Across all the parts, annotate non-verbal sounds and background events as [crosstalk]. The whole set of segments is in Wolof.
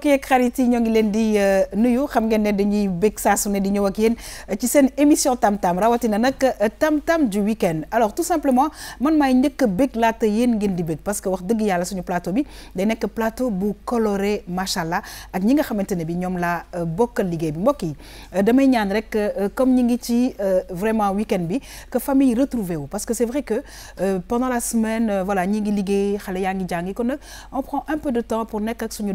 xarit yi ngi di euh, nuyu xam ngeen dañuy su di ak émission du week alors tout simplement man maay njëkk laata ngeen di parce que wax suñu plateau bi day plateau bu coloré macha ak ñi nga xamante bi ñoom laa euh, bokkal liggéey bi euh, damay ñaan rek comme ñi ngi ci vraiment week-end bi que famille retrouvée parce que c'est vrai que pendant la semaine voilà on prend un peu de temps pour nekk ak suñu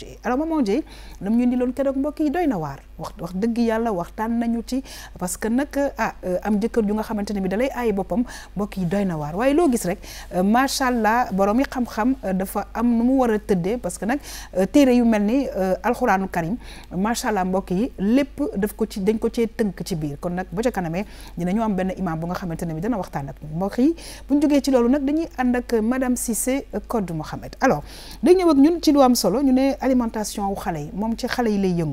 Dieye alors maman Dieye nam ñu di loon keroog mbokk yi doy na waar wax wax dëgg yàlla waxtaan nañu ci parce que nag ah euh, am jëkkër ju nga xamante ne bi dalay aay boppam mbokk yi doy na waar waaye loo gis rek euh, macha allah borom yi xam-xam euh, dafa am nu mu war a tëddee parce que nag téere yu mel ni alxuraanu karim macha mbokk yi lépp daf ko ci dañ ko cee tënk ci biir kon nag ba ca kanamee dinañu am benn imam bu nga xamante ne bi dana waxtaan ak mbokk yi bu ñu jógee ci loolu nag dañuy ànd ak madame Cissé Codou Mohamed alors day alimentation wu xale yi ci xale lay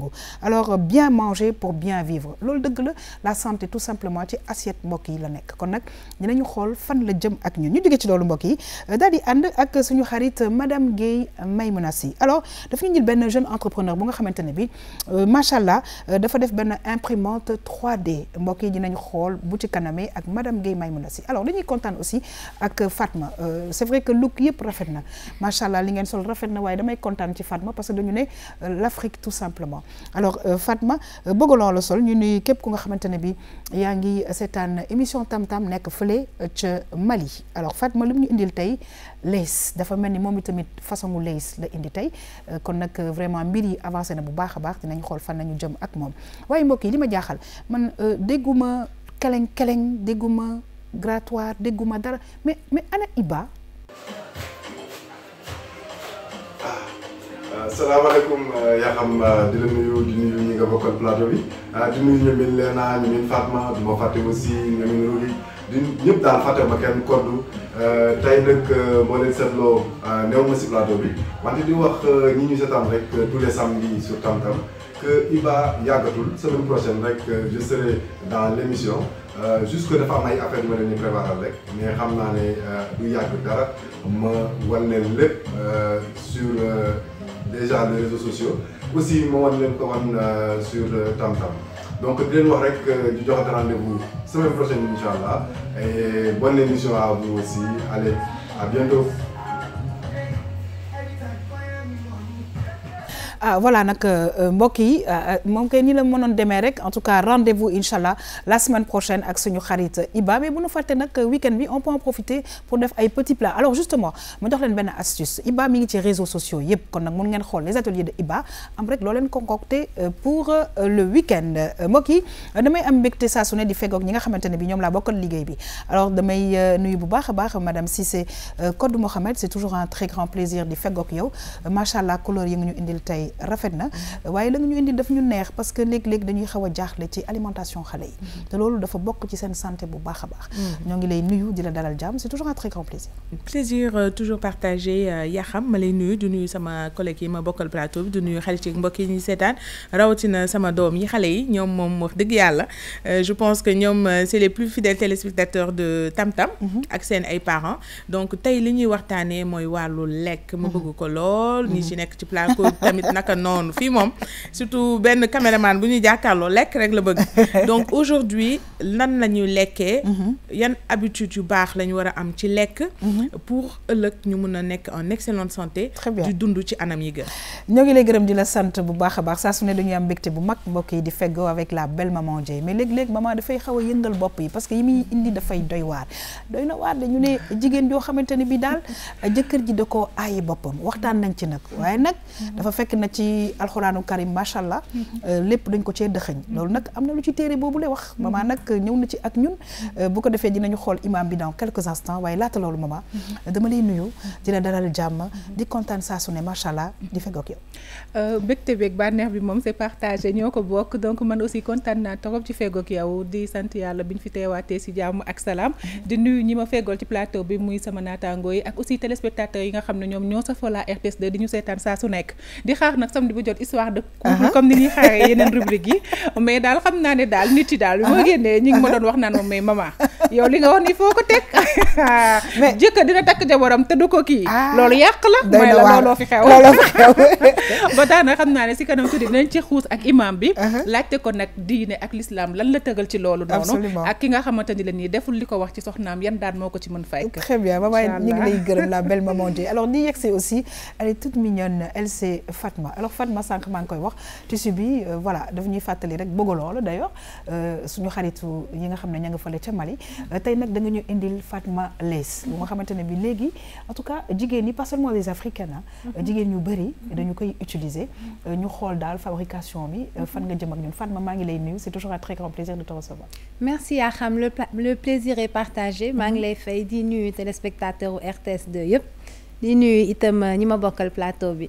alors bien manger pour bien vivre loolu la la santé tout simplement ci assiette mbokk yi la nek. kon nag dinañu xool fan la jëm ak ñun ñu jóge ci loolu mbokk yi daal di ànd ak suñu xarit madame Gay Maymouna alors dafa ñu jël jeune entrepreneur bu nga xamante ne bi euh, macha allah euh, dafa def benn imprimante 3D mbokk yi dinañu xool bu ci kanamee ak madame Gay Maymouna Alors, alors dañuy kontaan aussi ak Fatma euh, c'est vrai que look yëpp rafet Machallah, macha allah li ngeen sol rafet na waaye damay kontaan ci Fatma parce euh, l'Afrique tout simplement alors euh, Fatma je euh, le sol ñu nuy képp ku nga bi émission Tam Tam Mali alors Fatma ñu indil dafa façon que indi vraiment mbir yi avancé na bu baaxa baax dinañ fan nañu jëm ak mom. mbokk yi lima jaaxal man dégguma keleng keleng dégguma grattoir dégguma dara mais mais ana Iba. Ah. Euh, salaamaaleykum euh, yaa xam euh, di la nuyu di nuyu ñi nga bokkal plateau bi di nuyu ñoom it Léna ñoom it Fatma du ma fàtte aussi ñoom it Roly di ñëpp daal fàtte ma kenn koddu tey nag moo leen seetloo néew ma si plateau bi wante di wax ñi ñu seetaan rek tous les samedis sur Tam Tam que Iba yàggatul semaine prochaine rek je serai dans l' émission. Euh, jusque dafa fin de affaire mais sur déjà les réseaux sociaux aussi donc je vous wax euh, di rendez-vous semaine prochaine et bonne émission à vous aussi allez à bientôt. ah voilà nak euh, euh, mbokki euh, mom kay ni la monon démé rek en tout cas rendez-vous incha la semaine prochaine ak suñu xarit Iba mais bu nu fàtte nag weekend bi on peut en profiter pour def ay petits plats alors justement ma jox ben astuce Iba mi ngi ci réseaux sociaux yépp kon nak mun ngeen xol les ateliers de Iba am rek lo len concocté pour le week-end mbokk damay am mbégte sa su di fégok ñi nga xamanténi ne bi ñoom laa bokkal bi alors damay nuyu bu baaxa a baax madame Cissé Code Mohamed c'est toujours un très grand plaisir di fégok yow machallah couleur yi nga ñu indil tay rafetna waye na la ñu indi daf ñu neex parce que léeg-léeg dañuy xawa jaxlé ci alimentation xalé yi té loolu dafa bokk ci sen santé bu baax a baax mm. ñoo ngi lay nuyu di la dalal c'est toujours un très grand plaisir plaisir euh, toujours partagé euh, Yaham ma lay nuyu du nuyu sama collègue yi ma bokal plateau bi du nuyu xalé ci mbokk yi ñuy sétane rawatina sama doom yi xalé yi ñom mom wax dëgg yalla euh, je pense que ñom c'est les plus fidèles téléspectateurs de Tam Tam mm-hmm. ak sen ay parents donc tay li ñuy waxtaanee mooy wàllu lekk ma mm-hmm. bëgg ko lool ni ci nekk ci plateau tamit [laughs] naka non fi mom surtout ben cameraman bu ñu jàkkaarloo lekk rek la bëgg [laughs] donc aujourd'hui nan lañu lekké lekkee mhm. yan habitude yu baax la wara am ci lekk mhm. pour ëllëg ñu mëna a nekk en excellente santé du dundu ci anam yi gën ñoo ngi lay gërëm di la sant bu baaxa baax sa suné ne dañuy am mbégte bu mag mbokk yi di feggoo avec la belle maman Dieye mais léeg-léeg maman da fay a yëndal bop yi parce que yi muy indi fay doy waar doy na waar dañu ne jigéen joo xamante ne bi dal jëkkër ji da koo aayi boppam waxtaan nañ ci nag waaye nag dafa fekk nag ci alcorane karim machallah mhm. lepp dañ ko ci dexeñ mhm. loolu nak amna lu ci téere bobu lay wax. Mhm. mama nak ñew na ci ak ñun. Euh, bu ko défé dinañu xol imam bi dans quelques instants waye lata loolu mama dama lay nuyu dina la dalal jàmm. di kontaan sa suné machallah macha allah di fekk ak yow. Euh, mbégte beeg bànneex bi mom c'est partagé ñoko bok donc man aussi kontaan na torop ci fekk ak yow di sante yalla biñ fi teewaatee ci jamm ak salam di nuyu ñima ma ci plateau bi muy sama naataangoo ak aussi téléspectateurs yi nga xamné ñom ñoo sa fola RTS2 di ñu sétane sa su nekk di xaar nag samedi bu jot histoire de couple comme ni ñuy xaaree yeneen rubrique yi mais daal xam naa ne daal nit yi daal bi ma génnee ñi ngi ma doon wax naan moom mais mama yow li nga wax ni foo ko teg [laughs] mais jëkkër dina takk jaboram te du ko kii ah. loolu yàq la mooy la looloo fi xew [laughs] [laughs] ba tax na xam naa ne si kanam tuddi dinañ ci xuus ak imam bi laajte ko nag diine ak l'islam lan la tëgal ci loolu noonu ak ki nga xamante ni la nii deful li ko wax ci soxnaam yan daan moo ko ci mën fay très bien maman ñu ngi lay gërëm la belle maman Dieye alors ni yegg c'est aussi elle est toute mignonne elle c'est Fatma Fatma alors Fatma sànq maa koy wax tissu bi euh, voilà daf ñuy fàttali rek bëgg loolu d'ailleurs euh, suñu xaritu yi nga xam ne ña nga fële Mali euh, tay nak da nga ñu indil Fatma Les bu nga xamante bi légui en tout cas jigéen ñi pas seulement les africains hein, mhm. jigéen ñu bëri dañu koy utiliser ñu xol dal fabrication bi fan nga jëm ak ñun Fatma maa lay nuyu c'est toujours un très grand plaisir de te recevoir merci Yakham le le plaisir est partagé mhm. mang lay fay di nuyu téléspectateurs u RTS2 yëpp di nuyu itam ñima bokal plateau bi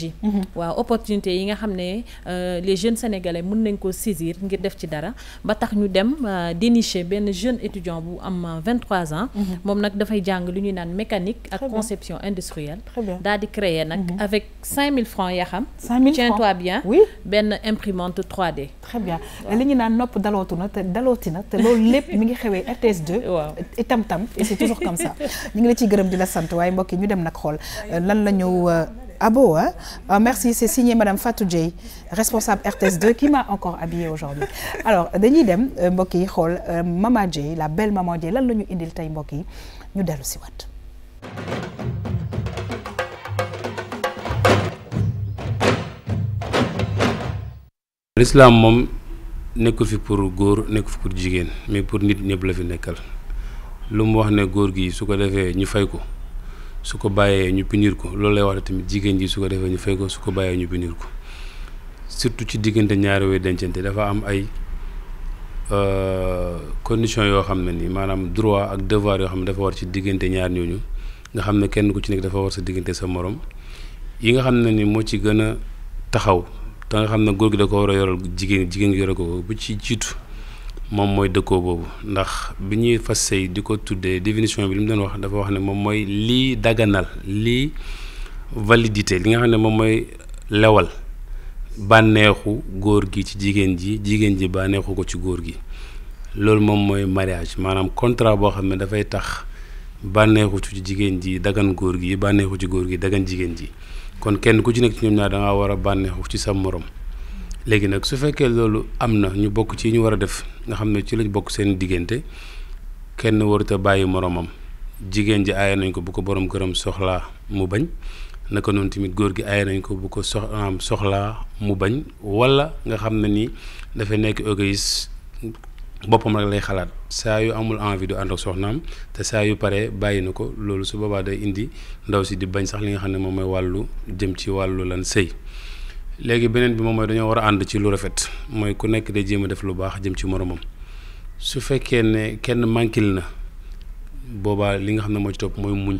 énergie mhm. waaw opportunité yi nga xam ne euh, les jeunes sénégalais mën nañ ko saisir ngir def ci dara ba tax ñu dem euh, dénicher benn jeune étudiant bu am 23 euh, ans mhm. moom nag dafay jàng lu ñuy naan mécanique ak conception industrielle daal di créer nak mhm. avec 5000 francs yaa xam tiens-toi bien ben imprimante 3D très bien li ñu naan nopp dalootu na te dalooti na te loolu lépp mi ngi xewee RTS2 et itam tam et c'est toujours comme ça [laughs] ñu ngi la ciy gërëm di la sant waaye mbokk yi ñu dem nag xool lan la ñëw ah beau, hein ah, Merci, c'est signé Madame Fatou Djei, responsable RTS2, qui m'a encore habillée aujourd'hui. Alors, dañuy dem euh, mbokk yi Maman euh, Mama Djei la belle Maman Djei lan la ñu indil tey mbokk yi ñu dellu si l'islam mom, nekkul pour góor nekkul fi pour femmes, mais pour nit ñëpp la fi nekkal lu wax ne góor gi su ko ñu fay ko. su ko bàyyee ñu punir ko loolu lay wax tamit jigéen ji su ko defee ñu fay ko su ko bàyyee ñu punir ko surtout ci diggante ñaari way dencante dafa am ay euh, conditions yoo xam ne ni maanaam droit ak devoir yoo xam ne dafa war ci diggante ñaar ñooñu nga xam ne kenn ku ci nekk dafa war sa diggante sa morom yi nga xam ne ni moo ci gën a taxaw te nga xam ne góor gi da ko war a yoral jigéen jigéen gi yore ko bu ci jiitu moom mooy dëkkoo boobu ndax bi ñuy fas sëy di ko tuddee définition bi li mu doon wax dafa wax ne moom mooy lii dagganal lii validité li nga xam ne moom mooy lewal bànneexu góor gi ci jigéen ji jigéen ji bànneexu ko ci góor gi loolu moom mooy mariage maanaam contrat boo xam ne dafay tax bànneexu ci jigéen ji dagan góor gi bànneexu ci góor gi daggan jigéen ji kon kenn ku ci nekk ci ñoom ñaar da war a bànneexu ci sa morom léegi nag su fekkee loolu am na ñu bokk ci ñu war a def nga xam ne ci lañ bokk seen diggante kenn warut a bàyyi moroomam jigéen ji aaye nañ ko bu ko borom këram soxlaa mu bañ naka noonu tamit góor gi aaye nañ ko bu ko soxlaam soxlaa mu bañ walla nga xam ne ni dafa nekk égoïste boppam rek lay xalaat saa yu amul envie du ànd ak soxnaam te saa yu paree bàyyi na ko loolu su boobaa day indi ndaw si di bañ sax li nga xam ne moom mooy wàllu jëm ci wàllu lan sëy léegi beneen bi moom mooy dañoo war a ànd ci lu rafet mooy ku nekk day jéem a def lu baax jëm ci moromam su fekkee ne kenn mànkil na boobaa li nga xam ne moo ci topp mooy muñ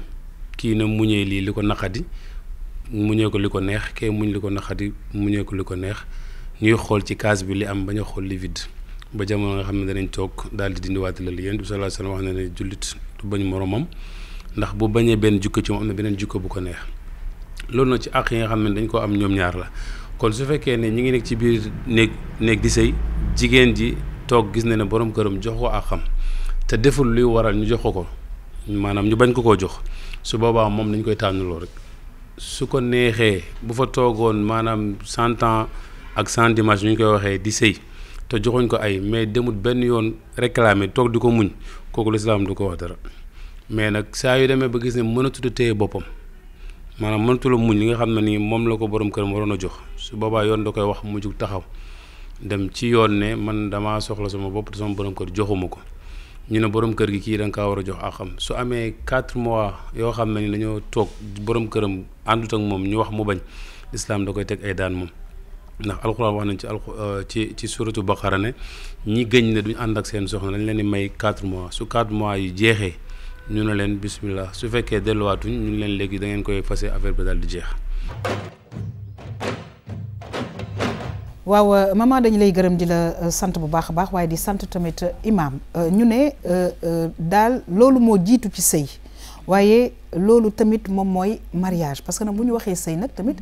kii na muñee lii li ko naqadi muñee ko li ko neex kee muñ li ko naqadi muñee ko ko neex ñuy xool ci kaas bi li am bañ a xool li vide ba jamono nga xam ne danañ toog daal di dindiwaati la li yonent bi sallallahu alayhi wax na ne jullit du bañ moromam ndax bu bañee benn jukko ci moom am na beneen jukko bu ko neex loolu nag ci àq yi nga xam ne dañ koo am ñoom ñaar la kon su fekkee ne ñi ngi nekk ci biir néeg néeg di sëy jigéen ji toog gis na ne borom këram jox ko ak xam te deful luy waral ñu jox ko ko maanaam ñu bañ ko ko jox su boobaa moom nañ koy tànnaloo rek su ko neexee bu fa toogoon maanaam cent ans ak cent dimanche ñu koy waxee di sëy te joxuñ ko ay mais demut benn yoon réclamer toog di ko muñ kooku si la lislaam du ko wax dara mais nag saa yu demee ba gis ne mënatut a téye boppam maanaam mënatula mu li nga xam ne nii moom la ko borom këram waroon a jox su boobaa yoon da koy wax mu jug taxaw dem ci yoon ne man damaa soxla sama bopp te sama borom kër joxuma ko ñu ne borom kër gi kii da nga war a jox àqam su amee 4 mois yoo xam ne ni dañoo toog borom këram àndut ak moom ñu wax mu bañ lislaam da koy teg ay daan moom. ndax alxuraan wax nañ ci alxu euh, ci ci suratu baqara ne ñi gëñ ne duñ ànd ak seen soxna dañ leen di may 4 mois su 4 mois yu jeexee. ñu ne leen bismillah su fekkee delluwaatuñ leen léegi da ngeen koy fase affaire bi daal di jeex. Euh, maman dañu lay gërëm di la euh, sant bu baax a baax waaye di sant tamit euh, imam ñu ne daal loolu moo jiitu ci sëy waaye loolu tamit moom mooy mariage parce que nag bu ñu waxee sëy nag tamit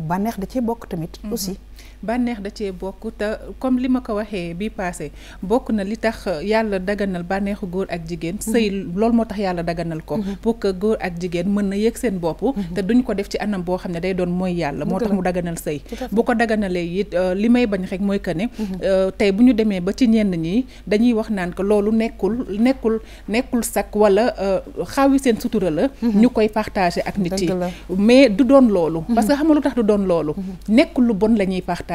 bànneex da cee bokk tamit mhm. aussi. bànneex da cee bokk te comme li ma ko waxee bi passé bokk na li tax yàlla daganal bànneexu góor ak jigéen mhm. sëy loolu moo tax yàlla daganal ko mhm. pour que góor ak jigéen mën na yëg seen bopp mhm. te duñ ko def ci anam boo xam ne day doon mooy yàlla moo tax mu daganal sëy bu ko daganalee it euh, li may bañ rek mooy que ne euh, tey bu ñu demee ba ci ñenn ñi dañuy wax naan que loolu nekkul nekkul nekkul sak wala euh, xaawi seen sutura la ñu koy partager ak nit yi mais du doon loolu parce que xam tax du loolu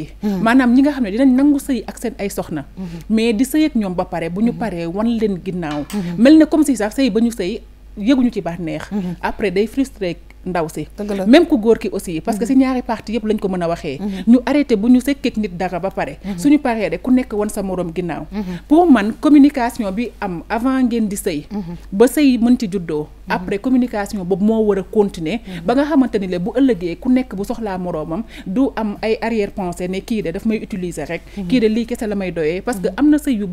yi maanaam ñi nga xam ne dinañ nangu sëy ak seen ay soxna mais di sëy ak ñoom ba pare bu ñu paree wan leen ginnaaw mel ne comme si sax sëy ba ñu sëy yëguñu ci bànneex mhm. après day frustré ndaw si même ku góor ki aussi parce que si mm-hmm. ñaari parti yëpp lañ ko mën a waxee mm-hmm. ñu arrêté bu ñu sekkeeg nit dara ba pare mm-hmm. suñu paree rek ku nekk woon sa morom ginnaaw pour man communication bi am avant ngeen di sëy ba sëy mën ci juddoo après communication boobu moo war a continuer ba nga xamante ni bu ëllëgee ku nekk bu soxlaa moroomam du am ay arrière pensée ne kii de daf may utiliser rek kii de lii kese la may doyee parce que am na sëy yu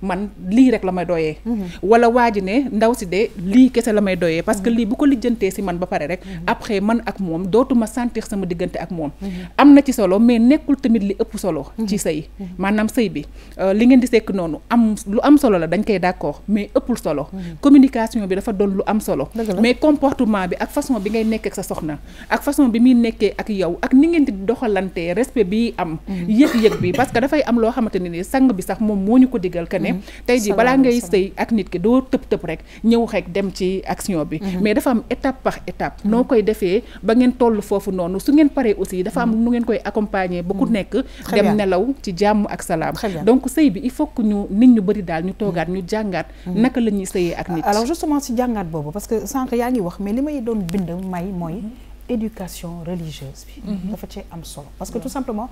man lii rek la may doyee mhm. wala waa ji ne ndaw si de lii kese la may doyee parce que mhm. lii bu ko lijjantee si man ba pare rek mhm. après man ak moom dootuma sentir sama diggante ak moom am na ci solo mais nekkul tamit li ëpp solo ci sëy maanaam sëy bi euh, li ngeen di sekk noonu am lu am solo la dañ koy d'accord mais ëppul solo communication bi dafa doon lu am solo mais comportement bi ak façon bi ngay nekk ak sa soxna ak façon bi muy nekkee ak yow ak ni ngeen di doxalantee respect bi am yëg-yëg bi parce que dafay am loo xamante ne ni sang bi sax moom moo ñu ko digal ne mhm. tey jii balaa ngay sëy ak nit ki doo tëb tëb rek ñew rek dem ci action bi mhm. mais dafa am étape par étape mhm. noo koy defee ba ngeen tollu fofu nonu su ngeen paré aussi dafa am nu ngeen koy accompagner ba ku nekk dem nelaw ci jamm ak salam donc sëy bi il faut que ñu nit ñu bari dal ñu toogaat ñu jàngaat naka lañuy ñuy ak nit alors justement ci jàngaat bobu parce que sank yaa ngi wax mais limay may doon bind may moy éducation religieuse bi dafa ci am solo parce que tout simplement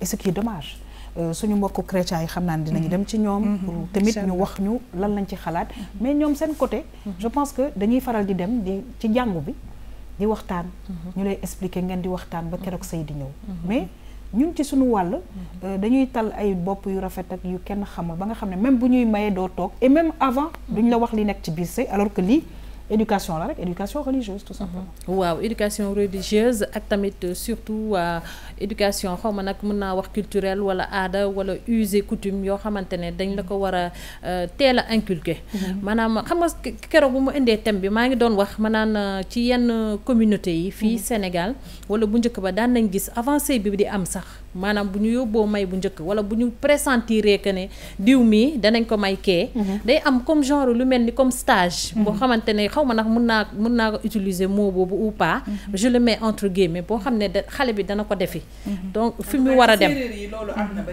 et ce qui est dommage euh, suñu mbokk chrétien yi xam naa dinañu mm-hmm. dem ci ñoom. Mm-hmm. pour tamit ñu wax ñu lan lañ ci xalaat. Mm-hmm. mais ñoom seen côté. je pense que dañuy faral di dem di ci jàngu bi di waxtaan. ñu lay expliquer ngeen di waxtaan ba keroog sëy di ñëw. mais ñun ci suñu wàll. Euh, dañuy tal ay bopp yu rafet ak yu kenn xamul ba nga xam ne même bu ñuy mayee doo toog et même avant. duñ la wax li nekk ci biir sëy alors que lii éducation là rek éducation religieuse tout simplement. Mhm. waaw éducation religieuse ak tamit euh, surtout euh, éducation xaw nak nag mën naa wax culturelle wala aada wala usé coutume yoo xamante ne dañ la ko war a euh, teel a inculquer. Mhm. maanaam xam nga keroog bu mu indee thème bi maa ngi doon wax maanaam ci yenn communauté yi. fii mhm. Sénégal wala bu njëkk ba daan nañ gis avancé bi di am sax manam buñu yobbo may bu njëkk wala buñu ñu que né diw mii danañ ko may ké mhm. day am comme genre lu melni comme stage. Mhm. bo xamante ne nak mëna mëna utiliser mot bobu ou pas. Mhm. je le mets entre guillemets bo xamné ne bi dana ko défi donc fi mu wara a dem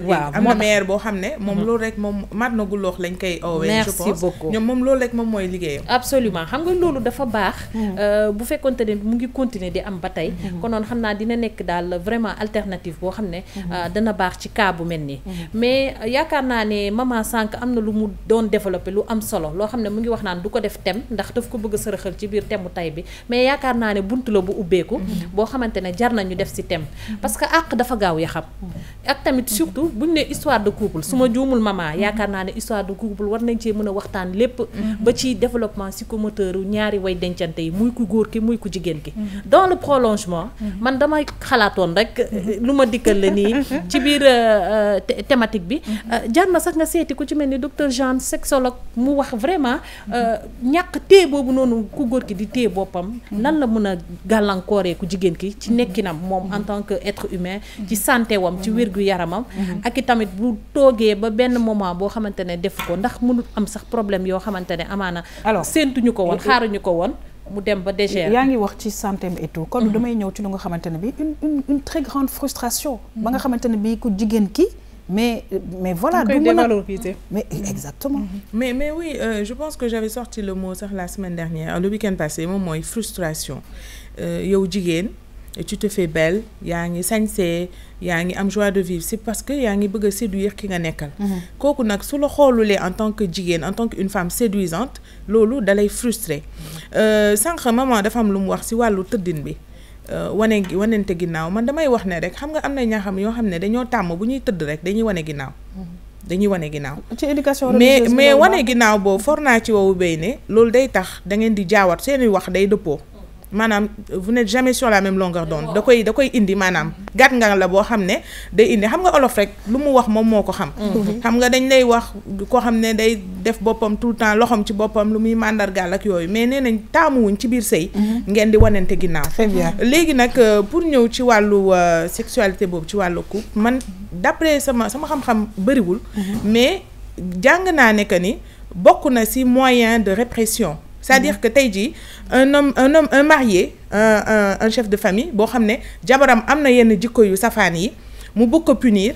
waaw am na maire boo xam ne moom rek mom mat na lox lañ koy oowee. je pense merci beaucoup lool rek mom moy liggéeyam. absolument xam nga loolu dafa baax. Euh, bu fekkonté ne mu ngi continuer di am ba tey. non xamna dina nekk dal vraiment alternative bo xamné ne. Euh, dana baax ci cas bu mel nii. mais yaakaar naa ne maman sànq am na lu mu doon développé lu am solo loo xam ne mu ngi wax naan du ko def tem ndax daf ko bëgg a sërëxal ci biir temu tay bi mais yaakaar naa ne bunt la bu ubbeeku. boo xamante ne jar nañu def si tem parce que àq dafa gaaw ya xam. ak tamit surtout buñ ne histoire de couple su ma juumul maman yaakaar naa ne histoire de couple war nañ cee mën a waxtaan lépp. ba ci développement psychomoteur ñaari way dencante yi muy ku góor ki muy ku jigéen ki. nii [laughs] ci biir euh, thématique bi mm-hmm. euh, jar ma sax nga seeti ku ci mel ni docteur Jean sexologue mu wax vraiment euh, mm-hmm. ñàkk téye boobu noonu ku góor ki di téye boppam mm-hmm. lan la mën a gàllankoor gàllankooree ku jigéen ki ci nekkinam moom en tant que être humain ci santé wam ci wér gu yaramam ak i tamit bu toogee ba benn moment boo xamante ne def ko ndax mënul am sax problème yoo xamante ne amaana alors séentuñu ko woon xaaruñu ko woon mu dem ba dégérer yaa ngi wax ci santé et tout quand mhm. nous ñëw ci nga xamante une une très grande frustration ba nga mhm. xamante ne bi ku jigéen ki mais mais voilà mais e, exactement mhm. mais mais oui euh, je pense que j'avais sorti le mot la semaine dernière le week-end passé moom mooy frustration euh, yow jigéen et tu te fais belle yaa ngi sañsee am joie de vivre c'est parce que yaa ngi bëgg séduire ki nga nekkal mhm. kooku nak su la xolulé en tant que jigéen en tant que une femme séduisante lolu dalay frustré euh, sans maman dafa am lu wax ci walu tëddin bi euh, wane wanente ginnaw man damay wax né rek xam nga am na ñaa xam yo xam ne dañoo tàmm bu ñuy rek dañuy wane ginnaw mhm. dañuy wané ginnaw ci éducation mais mais wane ginnaw bo forna ci wowo béy lolu day tax da ngeen di jaawaat wax day Madame, vous n'êtes jamais sur la même longueur d'onde da koy indi manam gat nga la bo xamné day indi xam nga olof rek wax xam mm-hmm. Mm-hmm. xam nga dañ lay wax ko day def tout temps loxom ci lu muy gal ak mais nañ ci biir sey mm-hmm. ngeen di légui euh, pour ci euh, sexualité ci man d'après sama xam-xam mais na ne que ni moyen de répression c'est-à-dire mm-hmm. que tey un homme un homme un marié un un un chef de famille Bon, ramener. jabaram yen na yenn jikko yu yi mu punir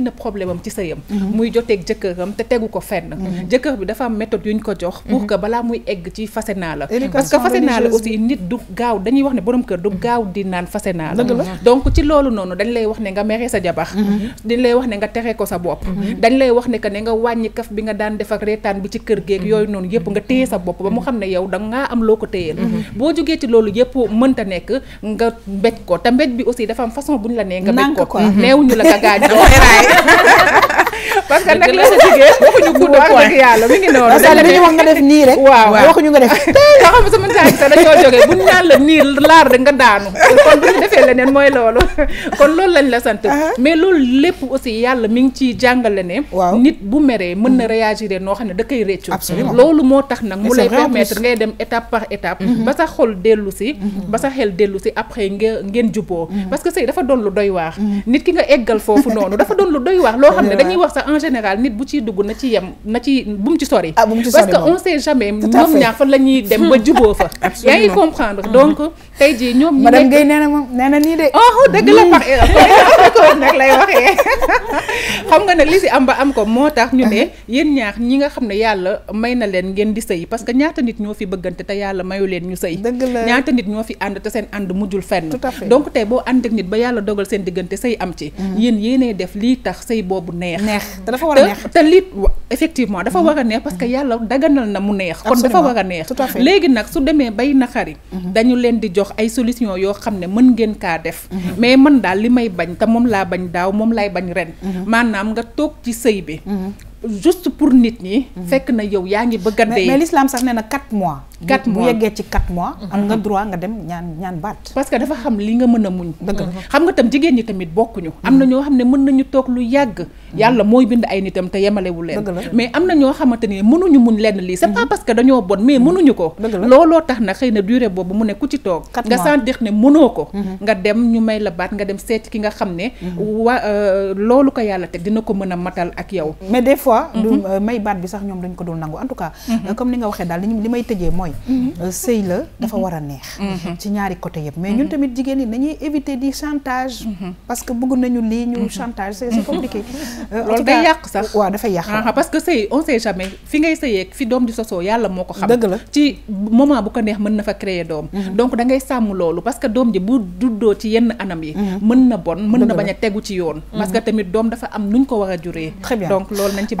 indi na problème am ci sëyam mhm. muy joteeg jëkkëram mhm. bi dafa am méthode ko jox pour mhm. que balaa muy egg ci gaaw dañuy wax ne borom kër du gaaw di naan fase naa la donc ci loolu noonu dañ lay wax ne nga meree sa jabar dañ lay wax ne nga tere ko sa bopp dañ lay wax ne que ne nga wàññi kaf bi nga daan def ak reetaan bi ci kër geeg yooyu noonu yëpp nga téye sa bopp ba mu xam ne yow da ngaa am loo ko téyeel boo jógee ci loolu yëpp mënta nekk nga mbéj ko te mbéj bi aussi dafa am façon bu ñu la nee nga mbéj ko neewuñu la nga gaañ [laughs] right? [laughs] parce que nag la sa jigéen [laughs] waxuñu coup de poing ak ñu naan la nii laar la sant. mais loolu lépp aussi yàlla mi ngi ciy jàngale ne. waaw nit bu meree mën na mm. réagir noo xam ne da koy réccu. moo tax nag mu lay permettre ngay dem étape par étape. Mm-hmm. ba sa si. Mm-hmm. ba sa xel dellu si après nga ngeen juboo mm-hmm. parce que sëy dafa doon lu doy waax nit ki nga eggal foofu noonu dafa doon lu doy waax loo xam ne dañuy wax sax en général nit bu ci dugg na ci yam na ci bu mu ci sori. Ah, parce que on sait jamais. ñoom ñaar fa lañuy dem ba juboo fa. [laughs] ya ngi comprendre mm-hmm. donc tey jii ñoom. ñu nekk madame Guèye néna na moom nee na oh deug la par exemple nag lay waxé xam nga nag li si am ba am ko motax ñu né ah. yeen ñaar ñi nga xamné yalla yàlla may na leen ngeen di sëy parce que ñaata nit ñoo fi bëggante te yalla mayu leen ñu sëy. ñaata nit ñoo fi ànd te seen ànd mujjul fenn. donc tay bo ànd ak nit ba yalla dogal seen digënté sëy am ci. Mm. yeen yéné def li tax sëy bobu ne neex. te dafa a neex te li effectivement dafa war a neex parce que mm-hmm. yàlla daganal na mu neex. kon dafa war a neex. tout à fait léegi nag su demee bay naxari. Mm-hmm. dañu leen di jox ay solution yoo xam ne mën ngeen kaa def. Mm-hmm. mais man daal li may bañ te moom laa bañ daaw moom laay bañ ren. maanaam nga toog ci sëy bi. juste pour nit ñi. fekk na yow yaa ngi bëgg a dee. mais l'islam sax nee na 4 mois. 4 mois bu yeggee ci 4 mois. Mhm. am nga droit nga dem ñaan ñaan baat. parce que dafa xam li nga mën a muñ. Mhm. dëgg xam nga tam jigéen ñi tamit bokkuñu. am na mhm. ñoo xam ne mën nañu toog lu yàgg. yàlla mooy bind ay nitam te yemalewu leen. mais am na ñoo xamante ne mënuñu muñ lenn lii c'est pas parce que dañoo bon mais mënuñu ko. looloo tax na xëy na durée boobu mu ne ku ci toog. 4 mois nga sentir ne mënoo ko. nga dem ñu may la baat nga dem seeti ki nga xam ne. wa euh, loolu ko yàlla teg dina ko mën a matal ak yow fois mhm. du euh, may baat bi sax ñoom dañ ko dul nangu en tout cas mhm. euh, comme ni nga waxee daal li may tëjee mooy mhm. euh, sëy la dafa war a neex ci ñaari côté yëpp mais ñun tamit jigéen ñi dañuy éviter di chantage parce que nañu lii ñu chantage c'est c'est compliqué [laughs] loolu day yàq sax waaw sëy on sait jamais fi ngay sëyeeg fi doom di sosoo yàlla moo ko xam la ci moment bu ko neex mën na fa créer doom donc da ngay sàmm loolu parce que doom ji bu duddoo ci yenn anam yi mën na bon mën na bañ a tegu a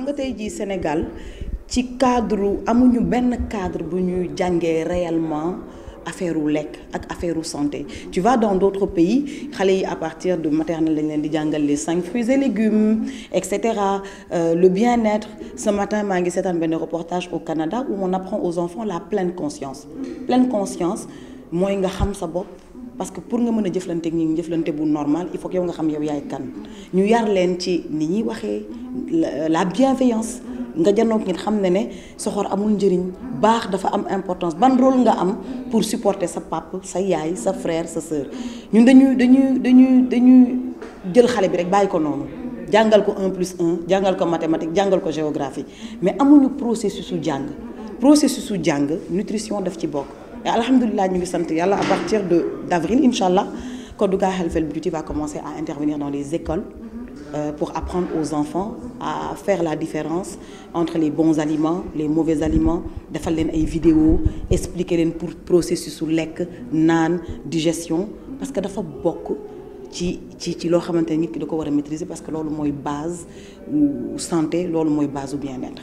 xam nga tey jii Sénégal ci cadre amuñu benn cadre bu ñuy jàngee réellement affaire u lekk ak affaire santé tu vas dans d'autres pays xale yi à partir de maternelle lañ leen di les cinq fruits et légumes et cetera euh, le bien-être ce matin maa ngi seetaan benn reportage au Canada où on apprend aux enfants la pleine conscience pleine conscience mooy nga xam sa bopp parce que pour nga mën a jëflante ak ñi bu normal il faut que yow nga xam yow yaay kan ñu yar leen ci ni ñi waxee la bienveillance nga janoog nit xam ne soxor amul njëriñ baax dafa am importance ban rôle nga am pour supporter sa papa sa yaay sa frère sa sœur ñun dañuy dañuy dañuy dañuy jël xalé bi rek bàyyi ko noonu jàngal ko un plus un jàngal ko mathématique jangal ko géographie mais amuñu processus su jàng processus su jàng nutrition daf ci bokk et alhamdoulilah, nous sommes à partir d'avril, Inch'Allah, Koduka Health and Beauty va commencer à intervenir dans les écoles euh, pour apprendre aux enfants à faire la différence entre les bons aliments, les mauvais aliments, de faire des vidéos, expliquer les processus sur lek, nan, digestion, parce que dafa beaucoup ci ci ci loo xamante nit maîtriser parce que lolu moy base santé lolu moy base bien-être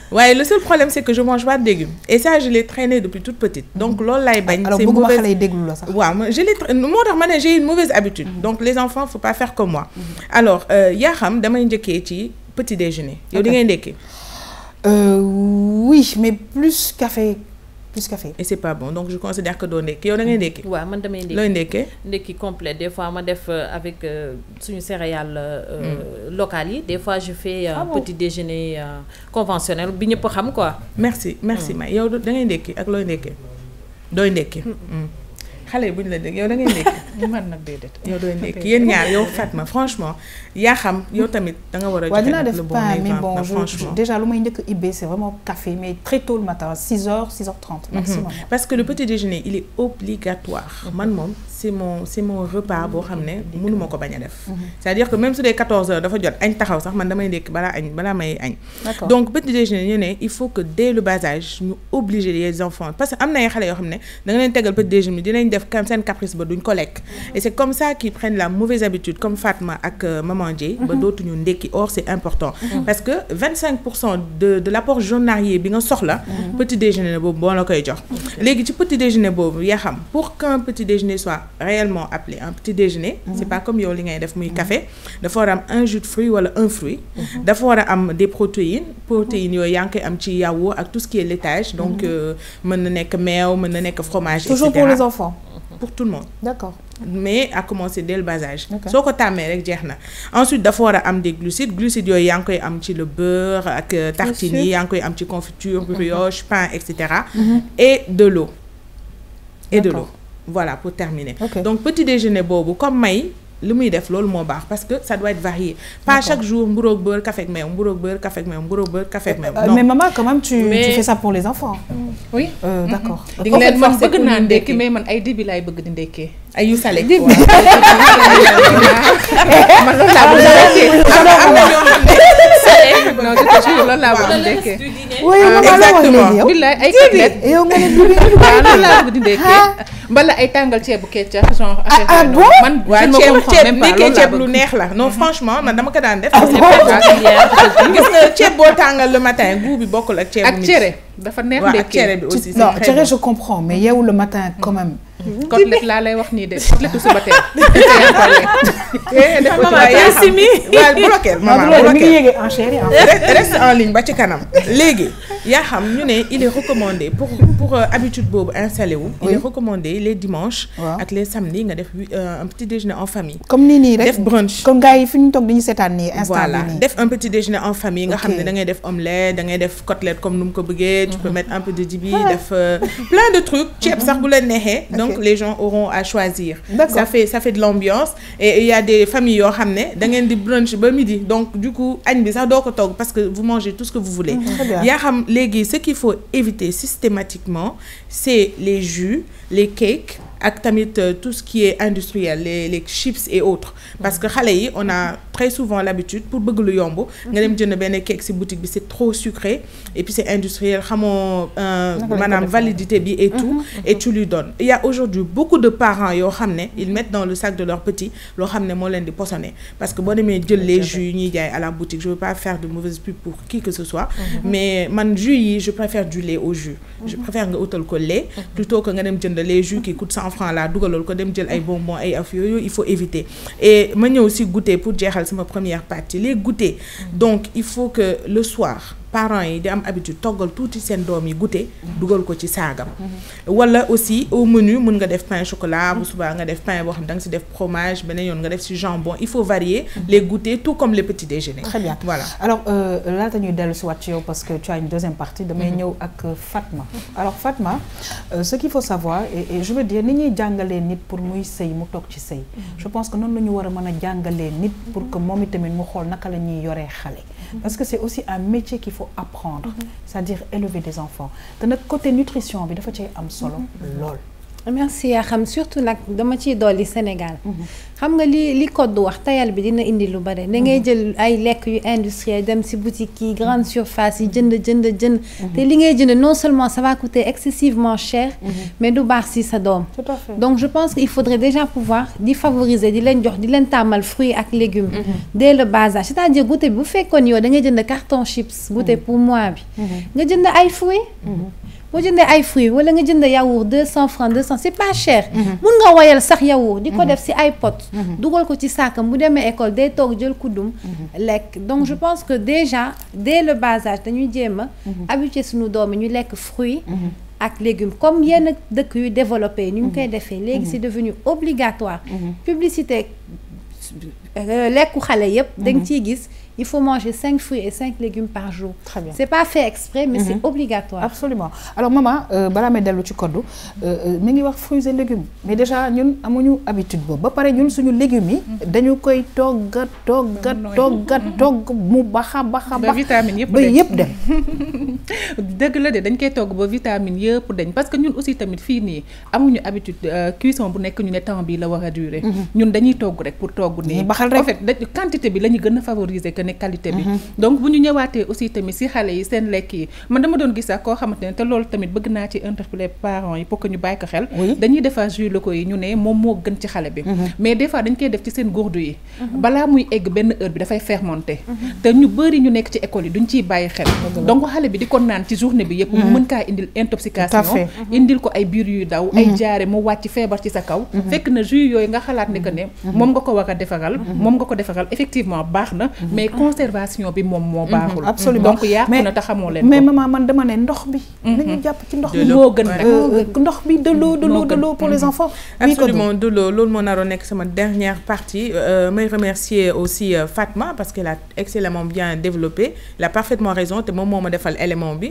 Ouais, le seul problème c'est que je mange pas de légumes et ça je l'ai traîné depuis toute petite donc mhm. loolu c'est j'ai une mauvaise habitude mhm. donc les enfants faut pas faire comme moi mhm. alors hier, euh, xam damay petit déjeuner Vous di ngay euh, oui mais plus café plus café et c'est pas bon donc je considère que doo ndekki yow da ngay mm. ndekki. waaw man damay ndekki looy ndekkee. ndekki complet des fois ma def euh, avec euh, suñu céréales euh, mm. locales des fois je fais un ah petit déjeuner conventionnel bi ñëpp xam quoi. merci merci mm. May yow da ngay ndekki ak looy ndekkee dooy ndekki xale buñ la dégg yow da ngay nekk. [laughs] man nag déedéet. yow dooy nekk yéen ñaar yow Fatma franchement yaa xam yow tamit da nga war a. joxe nag le bon franchement déjà lu may njëkk a ibbee c'est vraiment café mais très tôt le matin 6h 6h30 mhm. maximum. parce que le petit déjeuner il est obligatoire. man moom c'est mon c'est mon repas boo xam ne mënuma ko bañ a def. Mhm. c'est-à-dire que même su dee 14h dafa jot añ taxaw sax man damay nekk balaa añ balaa may añ. donc petit déjeuner ñu ne il faut que dès le bas âge ñu obliger les enfants parce que am na ay xale yoo xam ne da nga leen tegal petit déjeuner dinañ def c'est une caprice d'une duñ et c'est comme ça qu'ils prennent la mauvaise habitude comme Fatma avec euh, Maman Djé ba nous mhm. ndekki or c'est important mhm. parce que 25% de de l'apport journalier bi sort là mhm. petit déjeuner bon on petit déjeuner pour qu'un petit déjeuner soit réellement appelé un petit déjeuner c'est pas comme yow li ngay def café de faut un jus de fruits ou un fruit il des protéines protéines il y yaourt ak tout ce qui est laitage donc euh, mën na nekk fromage toujours pour les enfants pour tout le monde. d'accord mais à commencer dès le bas âge. ce que tu rek jeex ensuite d'abord à a des glucides glucides il y a koy am le beurre avec tartini, un petit confiture mhm. brioche pain etc mhm. et de l'eau et de l'eau voilà pour terminer. donc petit déjeuner bobo comme maïs li muy def lolou mo bax parce que ça doit être varié. pas chaque jour mburoog beurre café ak meew mburoog beurre café ak meew mburoog beurre café ak meew. Euh, non mais maman quand même tu tu fais ça pour les enfants. oui euh, mm-hmm. d'accord. di nga leen man bëgg naa mais man ay dibi laay bëgg di ndekkee. ay yu man loolu laa bëgg a dekkee am ay kotlet. tàngal ceebu kecca genre affaire ah bon man waaw ceeb ceeb nekkee ceeb lu neex la non franchement man dama ko daan def. ah bon gis nga ceeb boo tàngal le matin goût bi bokkul ak ceeb. ak cere. dafa neex de ak cere bi aussi non cere je comprends mais yeewu le matin quand mm. même. Mm. [laughs] côtelette laa lay wax nii de [laughs] côtelette suba teel. mi ngi yëgee en chéri reste en ligne ba ci kanam. léegi yaa xam ñu ne il est recommandé pour pour euh, habitude Bob, installé wu. il est recommandé les dimanches. ak les samedis nga def euh, un petit déjeuner en famille. comme nii nii def brunch. comme gars yi fi ñu toog dañu seetaan nii. voilà def un petit déjeuner en famille. nga xam ne da ngay def omelette da ngay def côtelette comme nu mu ko bëggee tu peux mettre un peu de dibi, euh, plein de trucs. Mhm. Donc les gens auront à choisir. Ça fait, ça fait de l'ambiance. Et il y a des familles qui ont ramené brunch midi. Donc du coup, parce que vous mangez tout ce que vous voulez. Mhm. Ce qu'il faut éviter systématiquement, c'est les jus, les cakes, ak euh, tout ce qui est industriel les chips et autres parce que xale on a très souvent l'habitude pour bëgg lu yomb nga dem jënd boutique c'est trop sucré et puis c'est industriel xamoo euh, madame validité bi et tout mhm, mhm. et tu lui donnes il y a aujourd'hui beaucoup de parents ils mettent dans le sac de leur petit le ramener ne de parce que bon demee jël les jus à la boutique je veux pas faire de mauvaise pub pour qui que ce soit mhm. mais man je préfère du lait au jus je préfère nga utal ko lait plutôt que les jus qui coûtent francs là, dougalol ko dem jël ay bonbons ay af il faut éviter et ma ñew si goûter pour jéxal sama première partie les goûter mm. donc il faut que le soir parents yi di am habitude toggal tuuti seen doom yi goûter mhm. dugal ko ci saagam mhm. wala aussi au menu mën nga def pain chocolat bu mhm. subaa nga def pain boo xam da nga si def fromage beneen yoon nga def si jambon il faut varier les goûters tout comme les petits déjeuners très bien voilà alors euh, laata ñuy dellu si ci yow parce que tu as une deuxième partie damay ñëw ak euh, Fatma alors Fatma euh, ce qu'il faut savoir et je veux dire ni ñuy jàngalee nit pour muy sëy mu toog ci sëy je pense que noonu la ñu war a mën a jàngalee nit pour que moom itamit mu xool naka la ñuy yoree xale parce que c'est aussi un métier qu'il faut apprendre mhm. c'est-à-dire élever des enfants De notre côté nutrition bi un solo mhm. lol » merci yaa xam surtout dans dama ci doli Sénégal. xam nga li li code wax tayal bi dina indi lu bare. da ngay jël ay lekk yu industriel dem ci boutique yi grande surface yi jënd jënd jënd. Mhm. te li ngay jënd non seulement ça va coûter excessivement cher. Mhm. mais du bar ci sa doom. tout à donc je pense qu'il faudrait déjà pouvoir défavoriser, favoriser di len jox di len tamal fruits ak légumes. Mhm. dès le bas c'est-à-dire goûter bu fekkoon yo da ngay jënd carton chips. goûter pour moi. bi. nga jënd ay fruits boo jëndee ay fruits wala nga des yaourt 200 francs 200 c'est pas cher. Mhm. mun nga woyal sax yaourt. vous avez mhm. def ci ay pot. Mhm. des ko ci avez des écoles, école day des jël donc je pense que déjà dès le bas âge dañuy jéem habitués à suñu dormir, yi ñu des fruits. ak légumes comme yenn dëkk yu développé ni ñu koy defee léegi c'est devenu obligatoire. publicité euh, lekku xale yépp da nga gis il faut manger 5 fruits et 5 légumes par jour. C'est pas fait exprès, mais c'est mhm. obligatoire. Absolument. Alors maman, je euh, vous euh, euh, fruits et légumes mais déjà avons une habitude ba avons ñun légumes parce que nous aussi tamit fi amuñu habitude cuisson bu nous ñu ne temps bi la wara durer. Mhm. ñun dañuy togg rek pour togg fait quantité bi que ne qualité bi mhm. donc bu ñu ñëwaatee aussi tamit si xale yi seen lekk yi man dama doon gis sax koo xamante te loolu tamit bëgg naa ci interpeller parents yi pour ñu bàyyi ko xel dañuy defar jus locaux yi ñu ne moom moo gën ci xale bi mhm. mais des fois dañ koy def ci seen gourde yi mhm. balaa muy egg benn heure bi dafay fermenté te ñu bëri ñu nekk ci école yi duñ ciy bàyyi xel donc xale bi di ko naan ci journée bi yëpp mu mën kaa indil intoxication indil ko ay biir yuy na jus yooyu nga xalaat ne a conservation bi mom mo mhm. baaxul. absolument donc yàqu na ko mais maman man dama ne ndox bi. Mhm. nañu japp ci ndox mo gën rek ndox bi de l'eau de l'eau de l'eau pour les mhm. enfants. absolument de l'eau loolu moo naroon nekk sama dernière partie euh, may remercier aussi euh, Fatma parce qu'elle a excellemment bien développé elle a parfaitement raison te moom moo ma defal élément bi.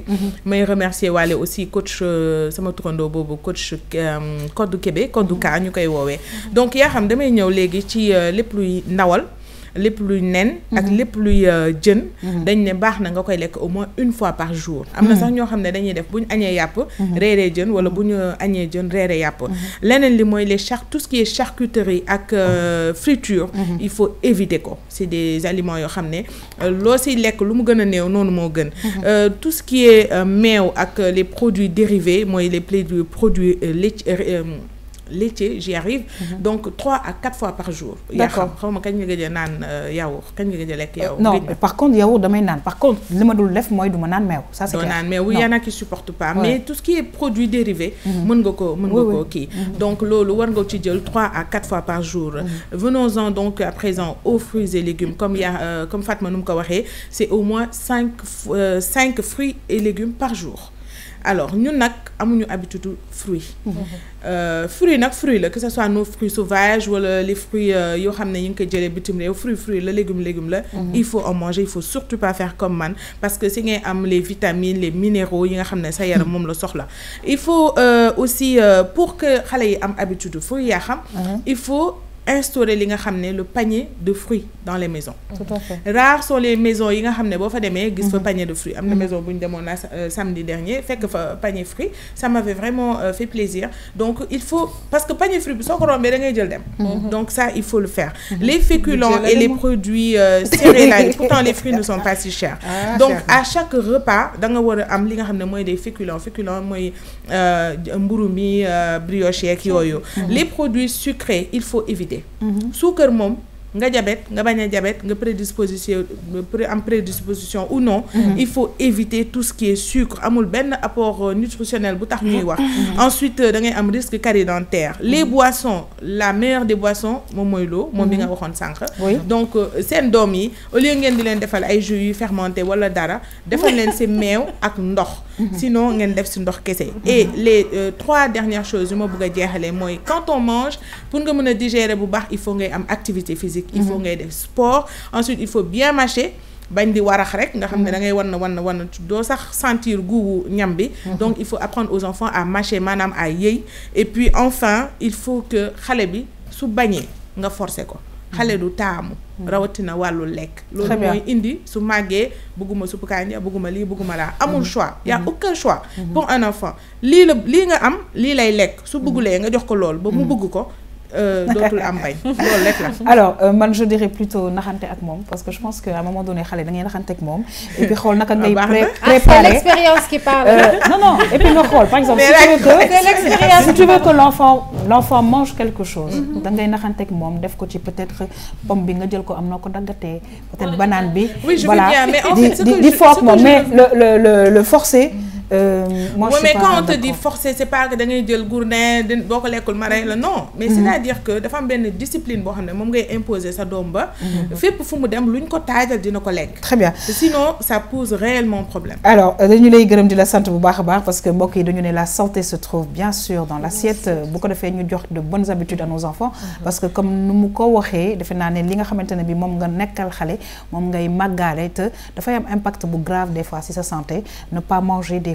may remercier walé aussi coach euh, sama turandoo bobu coach Kodou Kébé Kodou Ka ñu koy donc ya xam damay ñew légui ci lépp luy ndawal. Les luy nen mhm. ak lépp luy euh, jën mhm. dañ ne baax na nga koy lekk au moins une fois par jour am na mhm. sax ñoo xam ne dañuy def buñ ñu añee yàpp reeree jën wala bu ñu añee jën reere yàpp leneen li mooy les char tout ce qui est charcuterie ak euh, friture il faut éviter ko c'est des aliments yoo xam ne euh, loo siy lekk lu mu gën a néew noonu moo gën tout ce qui est meew ak les produits dérivés mooy les produits lait laitier, j'y arrive. Mhm. Donc, 3 à 4 fois par jour. D'accord. Non, par contre, yaourt, je n'ai Par contre, je n'ai pas fait de lait, je n'ai pas Mais oui, il y en a qui ne supportent pas. Mais tout ce qui est produit dérivé, je n'ai pas Donc, le lait, je 3 à 4 fois par jour. Mhm. Venons-en donc à présent aux fruits et légumes. Comme, euh, comme Fatma dit, c'est au moins 5 euh, fruits et légumes par jour alors nous avons amuñu habitude fruit fruits. Mhm. Mhm. Euh, fruits fruit fruits que ce soit nos fruits sauvages ou les fruits euh, yoo xam les fruits, fruit mhm. il faut en manger il ne faut surtout pas faire comme man parce que si vous am les vitamines les minéraux yi nga ça, c'est le yaram le il faut euh, aussi pour que nous yi am habitude fruits, yaa xam il faut instaurer li nga le panier de fruits dans les maisons. Rare sont les maisons yi nga xamné bo fa démé gis fa mhm. panier de fruits am mhm. maison buñ ñu demoon euh, samedi dernier fekk fa panier fruits ça m'avait vraiment euh, fait plaisir donc il faut parce que panier fruits bi soo ko rombee da ngay jël dem. Mhm. donc ça il faut le faire. les féculents et les produits euh, céréaliers [laughs] pourtant les fruits ne sont pas si chers. Ah, donc à chaque repas da nga wara am li nga xamné moy des féculents féculents euh mburu mi brioche yeeg yooyu. les produits sucrés il faut éviter. suukar moom nga diabète nga baña diabète nga prédisposition une prédisposition ou non mhm. il faut éviter tout ce qui est sucre amul benn apport euh, nutritionnel bu tax ñuy wax mhm. Mhm. ensuite euh, da ngay am risque carie dentaire les boissons la meilleure des boissons moom mooy l'eau bi nga waxone sank donc c'est euh, un yi au lieu ngeen di len defal ay jus yu fermenté wala dara defal len si mew ak ndox sinon ngeen def ci ndox kessé et les trois dernières choses je ma bëgg a quand on mange pour que mën digérer bu il faut ngay am activité physique physique il faut mm-hmm. ngay def sport ensuite il faut bien mâcher Bagn di warax rek nga xam mm-hmm. da ngay wone na wone na na sax sentir goût ñam bi mm-hmm. donc il faut apprendre aux enfants à mâcher manam à yey et puis enfin il faut que xalé bi su bañee nga forcer ko xalé du taamu rawatina wàllu lekk loolu mooy indi su màggee bëgguma su kanja bëgguma li bëgguma la amul choix y a aucun choix pour un enfant li nga am li lay lek su bëggulee nga jox ko lool ba mu bëgg ko euh, [laughs] la. alors euh, man je dirais plutôt naxante ak moom parce que je pense que à un moment donné xale da ngay naxante ak moom et puis xool naka ngay. Ah, ah, préparer c'est l'expérience qui parle. Euh, non non et puis nga xool par exemple. si tu veux que l'expérience si tu veux que l'enfant l'enfant mange quelque chose. Mm-hmm. da ngay naxante ak moom def ko ci peut-être pomme bi nga jël ko am na ko daggatee peut-être oh, banane bi. oui je veux bien mais en fait di di foog mais le le le le forcer. Mm-hmm. Euh, moi oui, mais quand on te dit forcer c'est pas que da ngay le gourdin boo ko lekkul ma rey non. Mm-hmm. mais c'est-à-dire que dafa am benn discipline boo xam ne ngay imposer sa doom ba. Mm-hmm. pour fu mu dem luñ ko de dina ko très bien sinon ça pose réellement problème. alors euh, dañu lay gërëm di la santé bu baax a parce que mbokk yi dañu ne la santé se trouve bien sûr dans l'assiette Beaucoup de defee ñu jox de bonnes habitudes à nos enfants. Mm-hmm. parce que comme nous mu ko waxee defe naa ne li nga xamante ne bi moom nga nekkal xale moom ngay màggaale un am impact bu grave des fois si sa santé ne pas manger des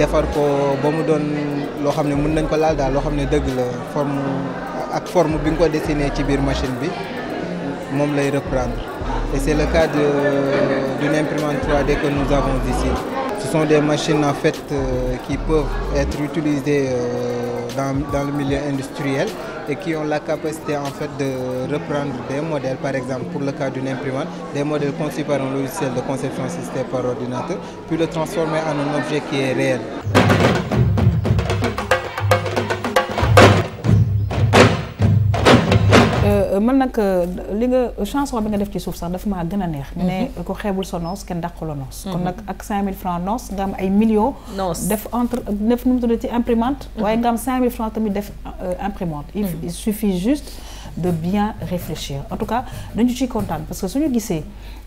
Il ko que les lo qui ont mën nañ ko laal daal lo la forme ak forme bi ko dessiné ci biir machine bi mom lay reprendre et c'est le cas de d'une imprimante 3D que nous avons ici. Ce sont des machines en fait euh, qui peuvent être utilisées euh, dans le milieu industriel et qui ont la capacité en fait de reprendre des modèles, par exemple pour le cas d'une imprimante, des modèles conçus par un logiciel de conception assistée par ordinateur, puis le transformer en un objet qui est réel. man nak euh, li nga chanson bi nga def ci souf sax dafa ma gëna neex. mais mhm. ko xeebul sa ken kenn lo noos. kon mhm. nak ak 5000 francs nos nga am ay millions. noos def entre def nu mu ci imprimante. Mhm. waaye nga am 5000 francs tamit def euh, imprimante. il suffit juste de bien réfléchir en tout cas je suis contente parce que suñu que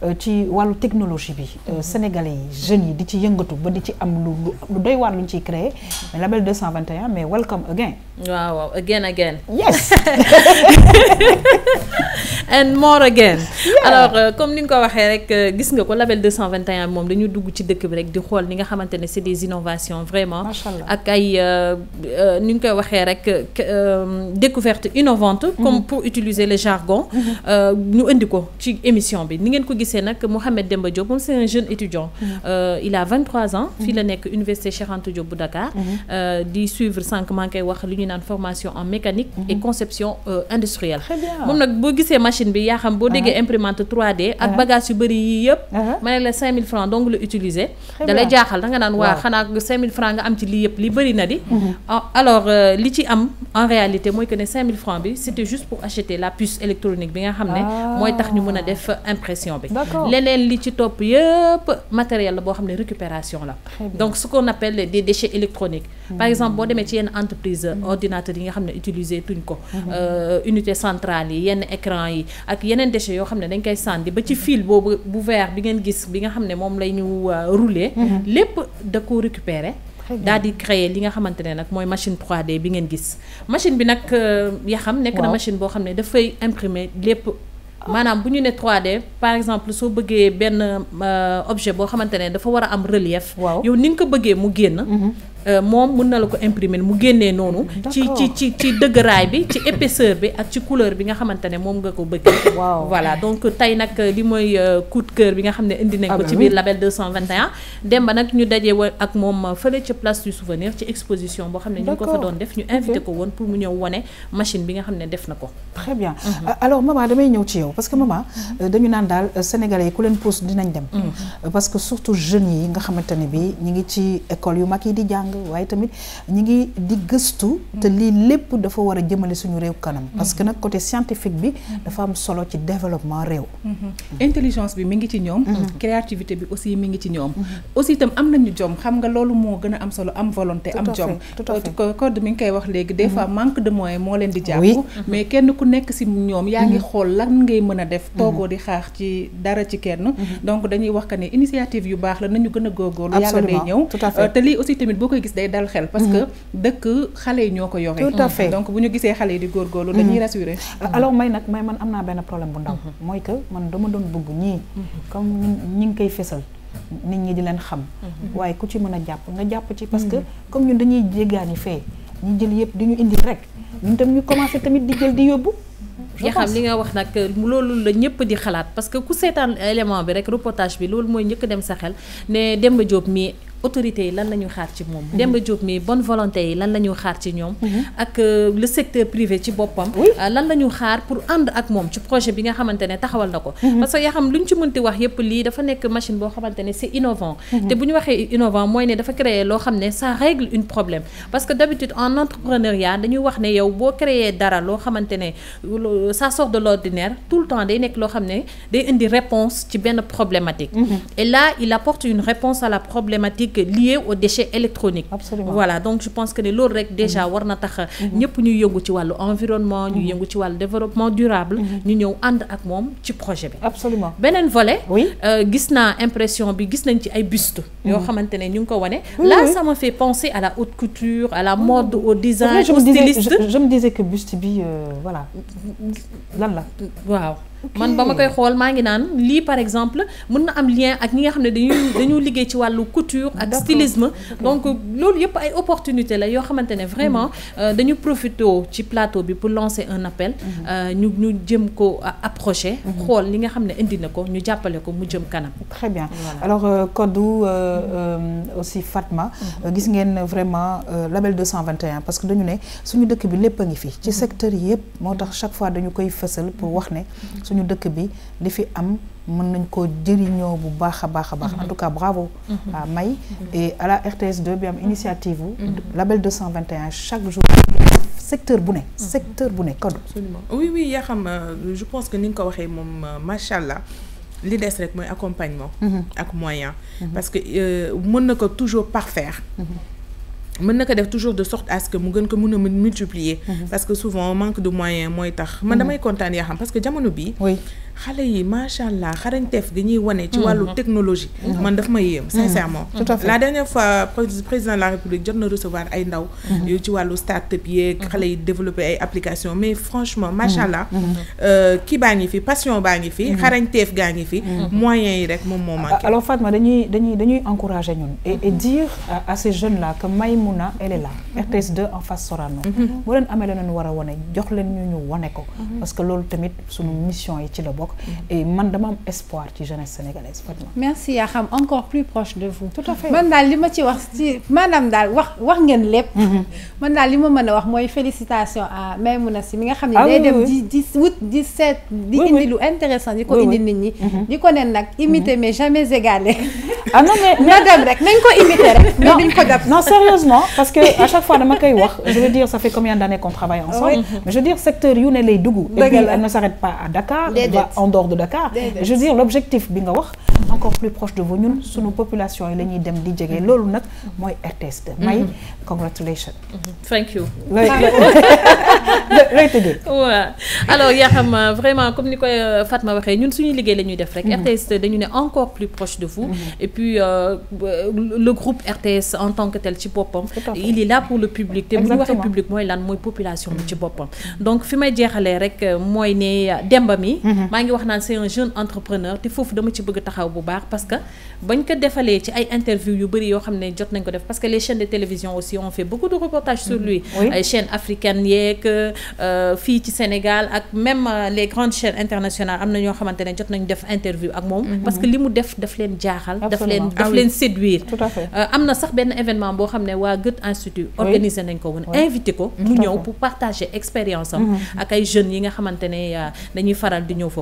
euh, ci la technologie bi euh, mhm. sénégalais jeunes di ci label 221 mais welcome again Wow, again again yes [laughs] and more again alors euh, comme nous l'avons vu, waxee rek euh, gis nga label 221 Nous dañu dugg ci dëkk bi rek di c'est des innovations vraiment Nous ay vu euh, ñu koy découverte innovante mhm. comme pour utiliser le jargon Nous avons vu ci émission bi ni ngeen ko gisee nag Mohamed Demba Diop c'est un jeune étudiant mhm. il a 23 ans Il est à université de Charente Diop Dakar mhm. di suivre 5 maa ngi wax formation en mécanique et conception industrielle moom nag boo gisee machine bi ya xam bo imprimante 3D ak bagage yu bëri yépp mané la 5000 francs donc le utiliser da lay jaxal da nga naan 5000 francs nga am ci li yépp li na di mhm. ah, alors euh, li ci am en réalité moy que né 5000 francs bi c'était juste pour acheter la puce électronique bi nga xam ne ah. mooy tax ñu mëna def impression bi leneen li ci top matériel la récupération la donc ce qu'on appelle des déchets électroniques mhm. par exemple bo démé ci une entreprise euh, ordinateur yi nga xam ne utiliser tuñ ko mhm. euh, unité centrale yi écran yi ak yeneen déchets yoo xam ne dañ koy sànni ba ci fil boobu bu vert bi ngeen gis bi nga xam ne moom la ñu euh, rouler mhm. lépp da ko récupérer daal di créer li nga xamante ne nag mooy machine 3D bi ngeen gis machine bi nak euh, ya xam nekk na machine boo xam ne dafay imprimer lépp maanaam bu ñu ne 3D par exemple soo bëggee benn euh, objet boo xamante ne dafa war a am relief yow ni nga ko bëggee mu génn mhm. Euh, moom mën na la ko imprimer mu génnee noonu. ci ci ci ci dëgëraay bi ci épaisseur bi ak ci couleur bi nga xamante ne moom nga ko bëgg. voilà donc tey nag li mooy euh, coup de cœur bi nga xam ne indi nañ ko ah ci ben biir label 221. demba ba nag ñu daje ak moom fële ca place du souvenir ci exposition boo xam ne ñu ko fa doon def ñu invité ko woon pour mu ñëw wone machine bi nga xam ne def na ko. très bien mhm. euh, alors maman damay ñëw ci yow parce que maman mhm. dañu naan daal sénégalais yi ku leen pousse dinañ dem. Mhm. parce que surtout jeunes yi nga xamante ne bi ñu ngi ci école yu mag yi di jàng. jàng waaye tamit ñi ngi di gëstu te mm. lii lépp dafa war a jëmale suñu réew kanam mm-hmm. parce que nag côté scientifique bi mm-hmm. dafa am solo ci développement réew mm-hmm. intelligence bi mi ngi ci ñoom créativité bi aussi mi ngi ci ñoom aussi tam am nañu jom xam nga loolu moo gën a am solo am volonté am jom code mi ngi koy wax léegi des fois manque de moyen moo leen di jàpp mais kenn ku nekk si ñoom yaa ngi xool la ngay mën a def toogoo di xaax ci dara ci kenn donc dañuy wax que ne yu baax la nañu gën a gis day dal xel parce que mm-hmm. dëkk xale yi ñoo ko yore tout à fait donc bu ñu gisee xale yi di góorgóorlu dañuy mm-hmm. rassuré alors may nag may man am naa benn problème bu ndaw mm-hmm. mooy que man dama doon bëgg ñii comme ñi ngi koy fesal nit ñi di leen xam waaye ku ci mën a jàpp nga jàpp ci parce que comme ñun dañuy jéggaani fee ñu jël yëpp di ñu indi rek ñun tam ñu commencé tamit di jël di yóbbu yaa xam li nga wax nag loolu la ñëpp di xalaat parce que ku seetaan élément bi rek reportage bi loolu mooy njëkk dem sa xel ne Demba Diop mii autorités yi lan la ñu xaar ci moom. Mhm. Demba Diop mi bonne volonté yi lan la ñu xaar ci ñoom. Mhm. ak euh, le secteur privé ci boppam. Euh, lan la ñu xaar pour ànd ak moom ci projet bi nga xamante ne taxawal na ko. Mhm. parce que yaa xam lu ñu ci mënti wax yëpp lii dafa nekk machine boo xamante ne c'est innovant. te bu ñu waxee innovant mooy ne dafa créer loo xam ne ça règle une problème parce que d'habitude en entrepreneuriat dañuy wax ne yow boo créer dara loo xamante ne ça sort de l'ordinaire tout le temps day nekk loo xam ne day indi réponse ci benn problématique. et là il apporte une réponse à la problématique liées aux déchets électroniques. Absolument. voilà donc je pense que nous avons déjà mhm. war na tax nous mhm. ñu yëngu environnement mhm. ci développement durable Nous, avons ànd ak moom ci projet Absolument. absolument un volet j'ai euh, naa impression bi gis nañ ci ay buste ñu là ça m'a fait penser à la haute couture à la ah. mode au design au styliste je me disais que buste euh, voilà là, là. Waouh man ba ma koy xool maa ngi naan lii par exemple mën na am lien ak ñi nga xam ne dañu liggéey ci wàllu couture ak stylisme donc loolu yëpp ay opportunité la yoo xamante ne vraiment mm. euh, dañu profité ci plateau bi pour lancer un appel mm-hmm. euh, ñu ñu jëm ko euh, approché mm-hmm. xool li nga xam ne indi na ko ñu jàppale ko mu jëm kanam très bien alors Kodou aussi Fatma mm-hmm. gis ngeen vraiment label 221 parce que dañu ne suñu dëkk bi lépp a ngi fi ci secteur yëpp moo tax chaque fois dañu koy fësal pour wax ne nous dëkk bi li fi am mën nañ ko jëriñoo bu baax mhm. en tout cas bravo à mhm. ah, May mhm. et à la RTS2 bi am initiative label 221 chaque jour secteur bu secteur bu ne oui oui euh, je pense que ni nga ko waxee moom euh, machallah li des rek accompagnement ak moyen parce que euh, mën na ko toujours faire man naka def toujours de sorte à ce que mu gën ko mun a multiplier. Mhm. parce que souvent on manque de moyens mooy tax. man mhm. damay kontaan yaa xam parce que jamono bii xale yi machallah xarañtef dañuy gi ci mm-hmm. walu technologie. Mm-hmm. man daf ma yéem mm-hmm. sincèrement. la dernière fois président de la république jot na recevoir ay ndaw. yu ci walu start-up yeeg. xale yi développer ay applications mais franchement machallah euh ki bañi fi passion bañi fi. xarañtef gañi fi. moyens yi rek mom mo manqué. alors Fatma dañuy dañuy dañuy encourager ñun. et dire à ces jeunes là que Maïmouna elle est là. RTS 2 en face Sorano. boo leen amee la wara woné wane jox leen ñu ñu woné ko. parce que lolu tamit suñu mission yi ci la bokk et man dama am espoir ci jeunesse sénégalaise Fatma merci Yacham encore plus proche de vous tout à fait man daal li ma ci wax ci maanaam daal wax wax ngeen lépp mhm. man daal li ma wax à Maïmouna Sy mi nga xam ne ah day dem di di di indi lu intéressant di ko indi nit mhm. ko imiter mhm. mais jamais égaler ah non mais [laughs] na dem rek nañ ko imiter mais non sérieusement parce que à chaque fois dama koy wax je veux dire ça fait combien d'années qu'on travaille ensemble mais je veux dire secteur yu lay et elle ne s'arrête pas à Dakar va en dehors de Dakar je veux dire l'objectif bi nga wax encore plus proche de vous ñun suñu population yi la dem di jege loolu nak, mooy RTS Moi, mhm. congratulations. Mhm. thank you looy ah. tëjee waaw [laughs] alors yaa xam vraiment comme ni koy euh, Fatma nous ñun suñu liggéey la ñuy def rek mhm. RTS dañu ne encore plus proche de vous et puis euh, le groupe RTS en tant que tel ci boppam il est là pour le public te bu ñu waxee public mooy lan mooy population bi ci boppam donc fi may jeexalee rek euh, mooy ne demba mi wax c'est un jeune entrepreneur te foofu dama ci bëgg taxaw bu baax parce que bañ ko defalee ci ay interview yu bëri yoo xam jot nañ ko def parce que les chaînes de télévision aussi ont fait beaucoup de reportages sur lui ay chaînes africaines yeeg euh, fii ci Sénégal ak même euh, les grandes chaînes internationales am na ñoo xamante ne jot nañ def interview ak mhm. parce que li mu def daf leen jaaxal daf leen daf ah leen séduire euh, am na sax benn événement boo xam ne waa Institut organiser nañ ko invité ko mu pour partager expérience avec mhm. ak ay jeunes yi nga xamante ne dañuy faral di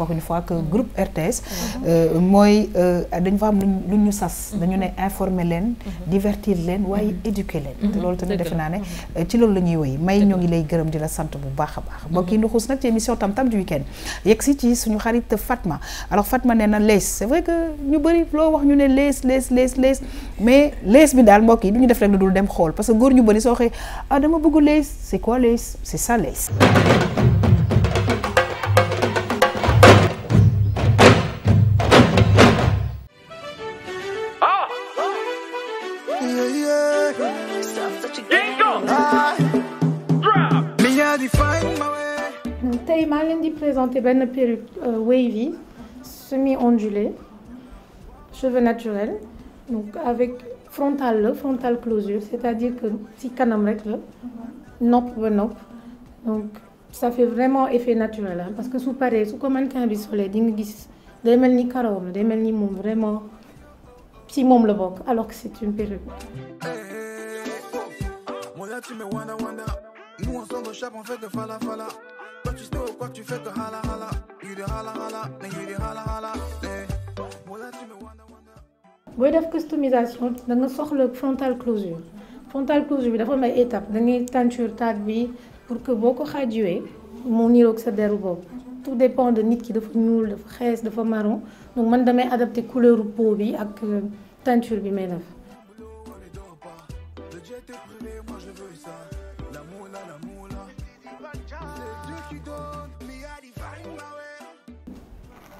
encore une fois que mm-hmm. groupe RTS moi mm-hmm. euh, euh, fa am nous sas mm-hmm. dañu informer divertir len éduquer def que euh, ci lañuy may ñogi lay gërëm di la sant bu baax qui ñu émission tam-tam du week-end ci suñu xarit Fatma alors Fatma né na c'est vrai que ñu wax ñu ne les mais les bi dal duñu def rek dul dem xol parce que ñu ah, c'est quoi les c'est ça laisse tey maa leen perruque euh, wavy semi ondulée cheveux naturels donc avec frontal frontale frontal closure c'est-à-dire que si canam rek donc ça fait vraiment effet naturel hein, parce que sous pareil, sous comment mannequin bi solee des vraiment si moom le bok, alors que c'est une perruque. Toi tu quoi tu fais que hala customisation da nga frontal closure frontal closure bi étape da ngay tenture pour que boko ko mo nirok tout dépend de nit ki de ñuul dafa de dafa marron donc man damay adapté couleur peau bi ak euh, teinture. bi may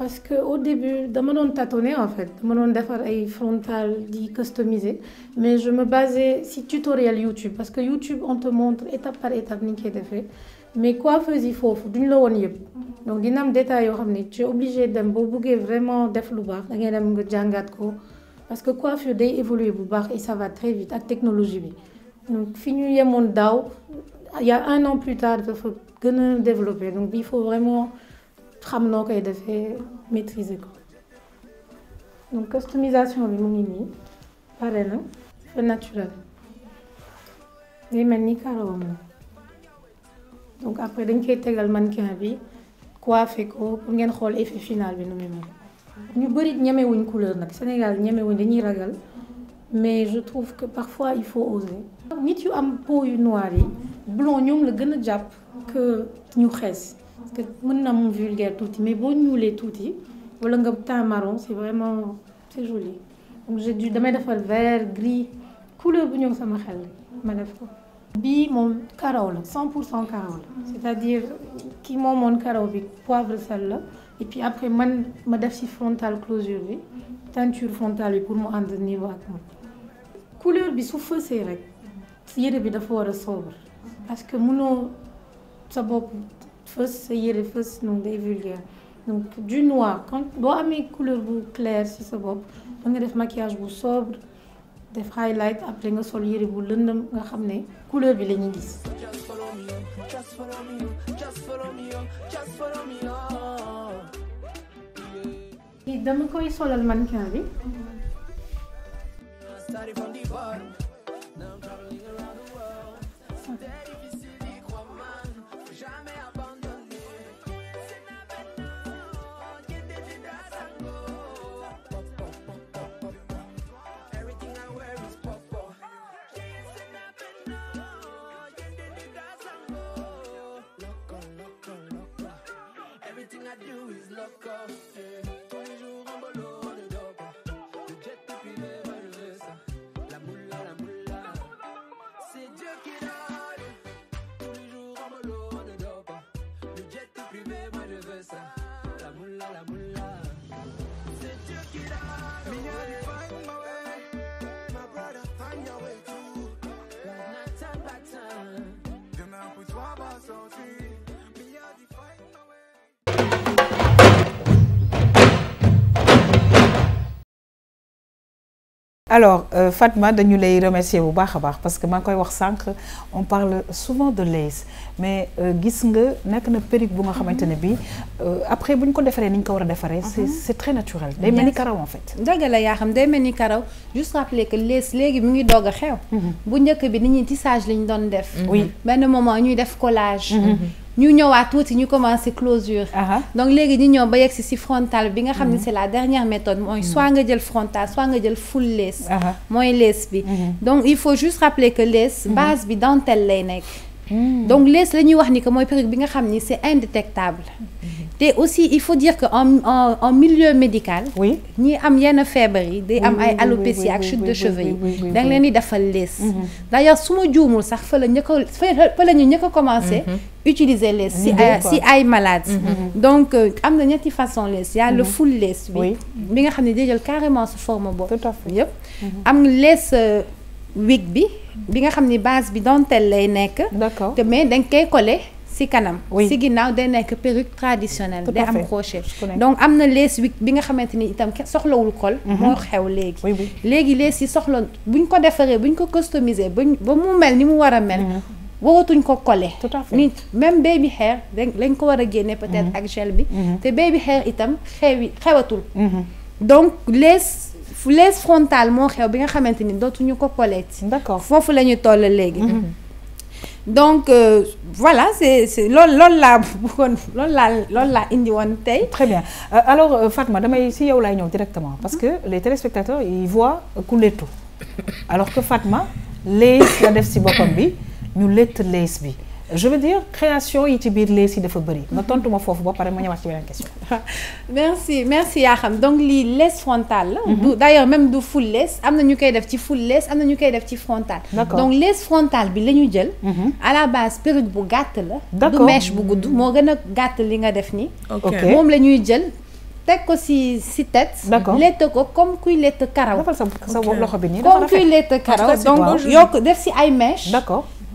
parce que au début dama doon tâtonner en fait dama doon ay frontal di customiser mais je me basais sur tutoriel YouTube parce que YouTube on te montre étape par étape ni ñu koy defee mais coiffeuse yi foofu duñ la woon donc dina am détail yoo xam tu es obligé dem boo vraiment def lu baax da ngay dem ko parce que coiffure faire évoluer bu baax et ça va très vite avec technologie bi donc fi mon dao il y a un an plus tard dafa gën a développer donc il faut vraiment xam noo koy defee maîtriser ko donc customisation bi mu ngi nii pare na dafa naturel day mel ni karawam la donc après dañ koy tegal mannequin bi coiffé ko pour ngeen xool effet final bi nu muy mel. ñu bëri ñemewuñ couleur nag Sénégal ñemewuñ dañuy ragal mais je trouve que parfois il faut oser. nit yu am peau yu noir yi blond ñoom la gën a jàpp que ñu xees parce que mon na vulgaire tuuti mais boo touti, tuuti wala nga teint marron c'est vraiment c'est joli donc j'ai dû damay le vert gris couleur bu ça sama xel ma def ko. bi moom karaw 100 pour cent c'est-à-dire ki mon karaw bi poivre sel la et puis après man ma def ci frontal closure bi teinture frontale pour moi en niveau ak couleur bi su c'est rek c'est bi dafa war a sobre parce que mënoo sa bopp fausse hier et fausse non des vulgaires donc du noir quand bon ami couleur vous clair si c'est bon on est des maquillages vous sobre des highlights après nous les vous l'endem à ramener couleur vous les nids et demain quand ils sont l'allemand qui arrive Thank loco. alors euh, Fatma, Fatma nous les remercier bu parce que quand on parle souvent de l'aise mais euh, gis nga nekk na perruque bu nga xamante ne bii euh, après bu ñu ko defaree ni ñu ko war a defaree. Mhm. très naturel. day mel ni en fait. dëgg la ya xam day mel ni karaw juste rappeler que les léegi mu ngi doog a xew. Mhm. bu njëkk bi nit ñi tissage lañ doon def. Mhm. oui benn moment ñuy def collage. ñu ñëwaat tuuti ñu commencé closure. donc léegi ñu ñëw ba yegg si frontal bi nga xam ne c' la dernière méthode mooy soit nga jël frontal soit nga jël full lace. mooy lace bi. donc il faut juste rappeler que lace base bi dentelle lay Mm. donc lees la ñuy wax ni que mooy perruque bi nga xam c'est indétectable mm-hmm. te aussi il faut dire que en en, milieu médical ni am yenn feebar yi day am ay alopécie ak chute de cheveux yi da nga leen di mm-hmm. d'ailleurs su ma juumul sax fa la ñëkk a fa la ñu ñëkk a commencé mm-hmm. utiliser les si si ay malades donc euh, am na ñetti façon lees y a le full lees bi bi nga xam ne day jël carrément su forme boobu yëpp am lees euh, wig bi bi nga xam ni base bi dentelle lay nekk. d'accord te mais danga koy coller si kanam. si ginnaaw day nekk perruque traditionnelle. day am crochet donc am na lees wig bi nga xamante ni itam soxlawul col. Mhm. moo xew léegi. léegi lees yi soxla buñ ko defaree buñ ko customiser ba mu mel ni mu war a mel. Mhm. waratuñ ko coller. tout à fait ni même baby hair lañ ko war a génne. peut-être mhm. ak gel bi. te baby hair itam xewi xewatul. donc lees falaise frontale moo xew bi nga xamanteni ni dootuñu ko collecte. d'accord fofu lañu ñu toll léegi. Mhm. donc euh, voilà c'est c'est loolu l'a laa bëggoon [laughs] loolu l'a loolu laa indi woon tey. très bien euh, alors euh, Fatma damay si yow lay ñëw directement parce que mhm. les téléspectateurs ils voient ku léttu alors que Fatma lees la def si boppam bi ñu létt lees bi je veux dire création yi ci biir lees yi dafa bëri nga tontu ma fofu ba pare ma ñëwaat ci beneen question [laughs] merci merci Yakham donc li les frontal la mhm. d'ailleurs même du full lees amna ñu koy def ci full lees amna ñu koy def ci frontal donc les frontal bi lañu jël mhm. à la base perruque bu gatt la du mèche bu gudd mo gëna gatt li nga def ni moom la ñuy jël tek ko ci ci tête. d'accord lett ko comme kuy lett karaw. defal sa sa loxo bi nii comme kuy lett karaw donc yokk def ci ay mèche d'accord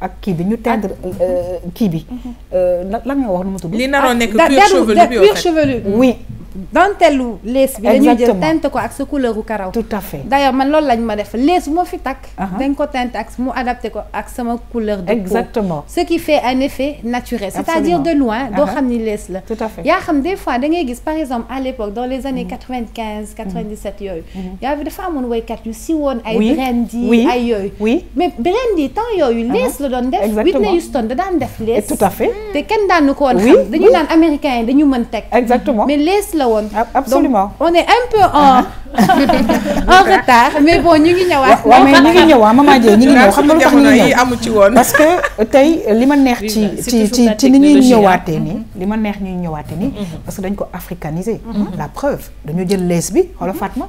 ak kii bi ñu teindre euh, kii bi. Mhm. Euh, lan lan nga wax nu mu tudd. li naroon ah, nekk cuir chevelu bi cuir chevelu mm. oui. dentelu lees bi dañuy jël teinte ko ak sa couleur karaw tout à fait d'ailleurs man loolu lañ ma def les mo fi tak uh-huh. dañ ko teinte ak mu adapté ko ak sama couleur de exactement peau. ce qui fait un effet naturel c'est-à-dire de loin do uh-huh. xam ni la tout à fait yaa xam des fois da ngay gis par exemple à l'époque dans les années 95 97 quinze quatre quatre-vingt-dix-sept way mm-hmm. yaa yu si woon ay brandy ay yooyu oui mais brandy temps yooyu uh-huh. lees la doon def Whitney Houston da daan def lees tout à fait te ken dan ko woon xam dañuy naan américain yi dañu mën exactement mais les la absolument on est un peu en. Uh-huh. en retard mais bon ñu ngi ñëwaat. waaw mais ñu ngi ñëwaat ah, xam nga lu tax ñu ngi parce que euh, tey li ma neex ci ci ci ci ni ñuy ñëwaatee nii. Mm-hmm. li ma neex ñuy ñëwaatee nii. Mm-hmm. parce que dañ ko africaniser. Mm-hmm. la preuve dañoo jël lees bi xoolal Fatma.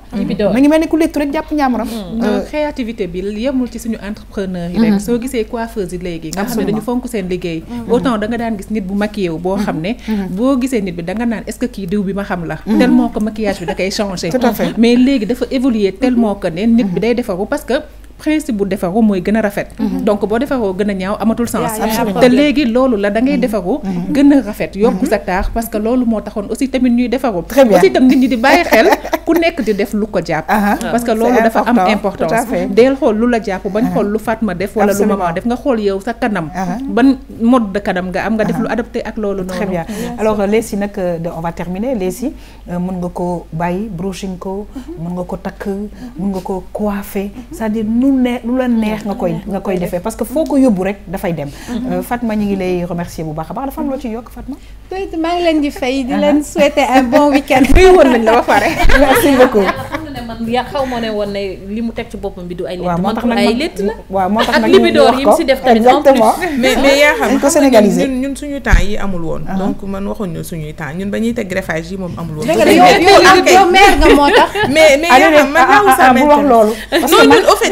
ma ñu mel ni ku lettu rek jàpp ñaamuram. Euh, créativité bi yemul ci suñu entrepreneur yi rek. soo gisee coiffeuse yi léegi. nga xam ne dañu fonk seen liggéey. autant da nga daan gis nit bu maquillé wu boo xam ne. boo gisee nit bi da naan est kii diw bi ma xam la. mais léegi dafa évoluer tellement que ne nit bi day defaru parce que principe bu defaru moy gëna rafet mhm. donc bo defaroo gëna ñaaw amatul sens té légui lolu la da ngay mhm. defaru mhm. gëna rafet yokku sa taax parce que lolu mo taxone aussi tamit ñuy defaru aussi tam nit ñi di baye xel [laughs] ku nekk di def lu ko japp ah, parce que lolu dafa am importance deel xol lu la japp bañ xol lu Fatma def wala lu mama def nga xol yow sa kanam ban mode de kanam nga am nga def lu adapté ak lolu non très bien alors euh, lesi nak euh, on va terminer lesi euh, mën nga ko baye brushing ko mën nga ko tak mën nga ko coiffer c'est-à-dire lu neex lu la neex nga koy nga koy defee parce que foo ko yóbbu rek fay dem. Mhm. Euh, Fatma ñu ngi lay remercier bu baax a baax dafa am loo ci yok Fatma. ma ngi len di fay di len souhaiter un bon weekend end [laughs] won woon nañ la ba pare. [laughs] merci beaucoup. Ah, man yaa xaw mo ne won ne li mu teg ci boppam bi du ay lettre man du ay létt la waaw moo tax li bi door yi mu si def tamit plus mais mais [laughs] ya xam ko sénégaliser ñun ñun suñu temps yi amul won donc man waxuñ ñu suñu temps ñun bañuy tek greffage yi mom amul won woon yow mère nga motax mais mais ya xam man ah, ah, bu wax lolu non ñun au fait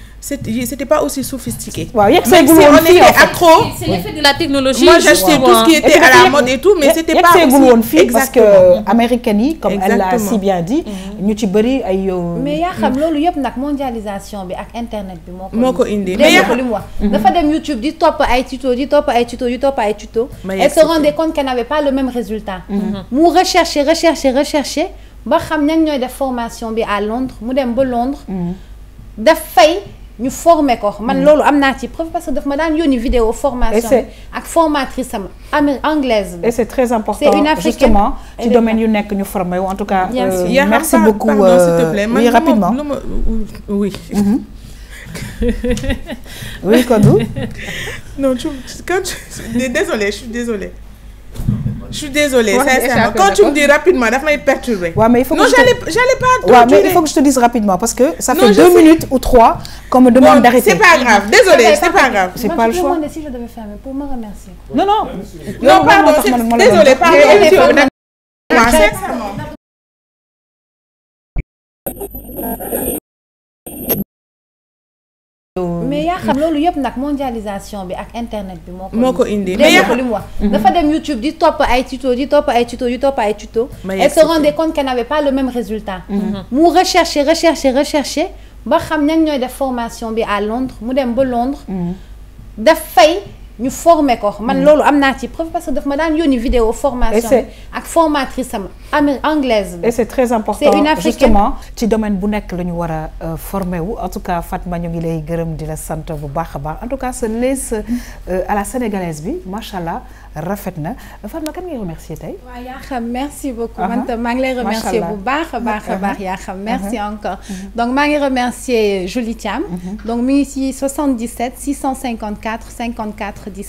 c'était pas aussi sophistiqué. Même si on était accro. C'est l'effet de la technologie. Moi, j'achetais tout ce qui était à la mode et tout, mais c'était pas aussi... Parce que euh, américaine comme elle l'a si bien dit, mhm. ñu ci bëri ay euh, mais yaa xam loolu mondialisation bi ak internet bi moo ko. Mhm. dafa dem YouTube dit top ay tuto di top ay tuto di top ay tuto. elle se rendait compte qu'elle n'avait pas le même résultat. m'ou mhm. rechercher rechercher rechercher ba xam ñan ñooy def formation à Londres mu dem ba Londres. daf nous formé ko man mm. preuve parce que ma vidéo formation formatrice anglaise et c'est très important justement domaine nous en tout cas euh, merci beaucoup euh, oui rapidement oui mm-hmm. [laughs] oui désolé je suis désolée je suis désolée, ouais, sincèrement. Quand tu me dis rapidement, la femme est perturbée. non, j'allais pas. Ouais, mais il faut que je te dise rapidement parce que ça fait deux minutes ou trois qu'on me demande bon, d'arrêter. C'est pas grave, désolée, c'est pas grave. C'est pas le choix. Je si je devais faire, mais pour me remercier. Non, non. Non, pardon, désolée, pardon. Sincèrement mais il xam a yëpp mondialisation bi ak internet bi moko ko. indi mais yaa xam li mhm. dafa dem YouTube di top ay tuto di top ay tuto di top ay elle se rendait compte qu'elle n'avait pas le même résultat. Mhm. mu rechercher rechercher rechercher ba xam ñan ñoy def formation bi à Londres mu dem ba Londres. Mhm. def fay. Nous formé ko man mm. loolu am ci preuve parce que daf ma dan yoni vidéo formation ak formatrice am anglaise et c'est très important justement ci domaine bu nek nous wara wu en tout cas Fatma ñu ngi lay gërëm di la sant bu baax en tout cas ce laisse euh, à la sénégalaise bi machallah rafetna Fatma kan ngay remercier tay wa yaa merci beaucoup. Uh-huh. man tam ngi lay remercier bu baax uh-huh. yaa merci uh-huh. encore. donc maa ngi remercier Julie Tiam donc mi 77 654 54. de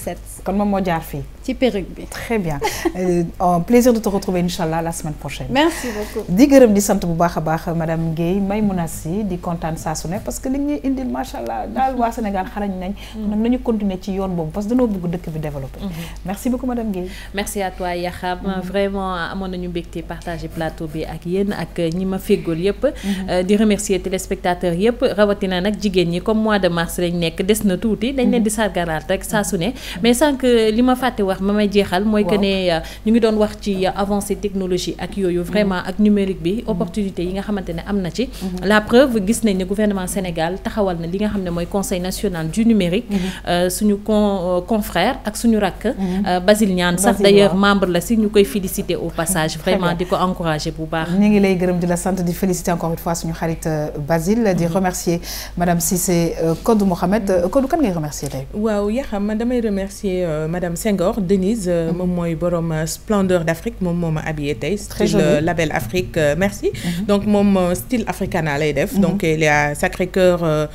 kon moom moo jaar fii. ci perruque bi. très bien euh, En plaisir de te retrouver incha la semaine prochaine. merci beaucoup. di gërëm di sant bu baax a baax madame Guèye Maymouna Sy di kontaan saa su ne parce que li ñuy indil macha allah daal waa Sénégal xarañ nañ. nag mm. nañu continuer ci yoon boobu parce que danoo bëgg dëkk bi développer. Mm-hmm. merci beaucoup madame Guèye. merci à toi Yakham mm-hmm. vraiment amoon nañu mbégte partager plateau bi ak yéen ak ñi ma féggool yëpp. Mm-hmm. Euh, di remercier téléspectateurs yëpp rawatina nag jigéen ñi comme mois de mars lañ nekk des na tuuti. dañ leen di sargalaat rek saa su ne mais que li ma fàtte wax ma may jeexal que né euh, ñu ngi doon wax ci euh, avancée technologie ak yoyu mhm. vraiment ak numérique bi opportunité yi nga xamanté né amna ci mhm. la preuve gis nañ né gouvernement Sénégal taxawal na li nga xamné moy conseil national du numérique mhm. euh, suñu con confrère ak suñu rak Basile Niane sax d'ailleurs membre la si ñu féliciter au passage vraiment diko encourager bu baax ñi ngi lay gërëm di la santé de féliciter encore une fois suñu xarit Basile di remercier madame Cissé Kodou Mohamed Kodou kan ngay remercier tay waaw ya xam man damay remercier euh, madame Senghor Denise euh, mhm. moom mooy borom euh, splendeur d'Afrique mon moo habillé label Afrique merci mhm. donc mon style africain, à mhm. donc il y a Sacré-Cœur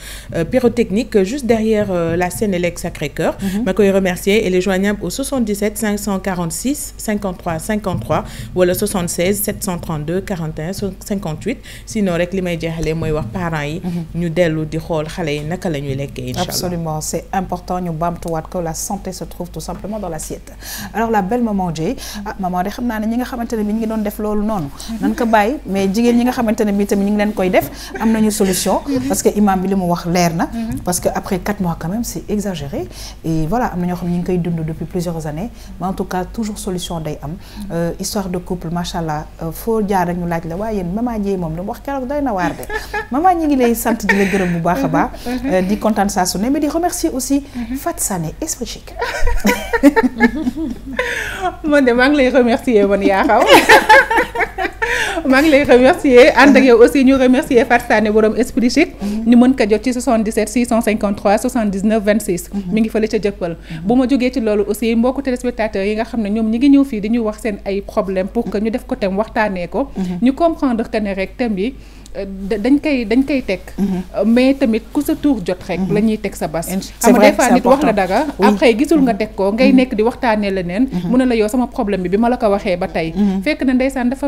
pyrotechnique juste derrière la scène, scène' Sacré-Cœur Je koy remercier et est joignable au 77 546 53 53 ou le 76 732 41 58 sinon rek les wax parents ñu di absolument c'est important ñu que la santé se trouve retrouve tout simplement dans l'assiette alors la belle maman Dieye ah, maman de xamna ni nga xamantene ne ngi doon def lolu non nan ko baye mais jigéen ñi nga xamantene mi tamit ngi len koy def am nañu solution parce que imam bi limu wax leer parce que après quatre mois quand même c'est exagéré et voilà am na xam ngi koy dund depuis plusieurs années mais en tout cas toujours solution day am euh, histoire de couple machallah allah euh, foo jaar rek ñu laaj la waaye yéen maman Dieye mom dama wax kérok doy na war de [laughs] maman ñi ngi lay sant di la gërëm bu baaxa baax [laughs] euh, di mais di remercier aussi [laughs] Fat Sané Esprit Chic [laughs] man de maa ngi lay remercier man yaa xaw [laughs] maa ngi lay remercier ak aussi ñu remercier borom esprit chic ñu mën ka jot ci 77 653 79 26 mi ngi fële ca jëppal bu ma ci aussi mbokku téléspectateurs yi nga ne ñi ngi ñëw di problème pour que ñu def ko que rek yi euh, dañ mais tamit ku sa tour rek sa nit wax après gisul nga ko ngay mm-hmm. nekk di mm-hmm. la yow sama problème bi la ko ba mm-hmm. fekk na dafa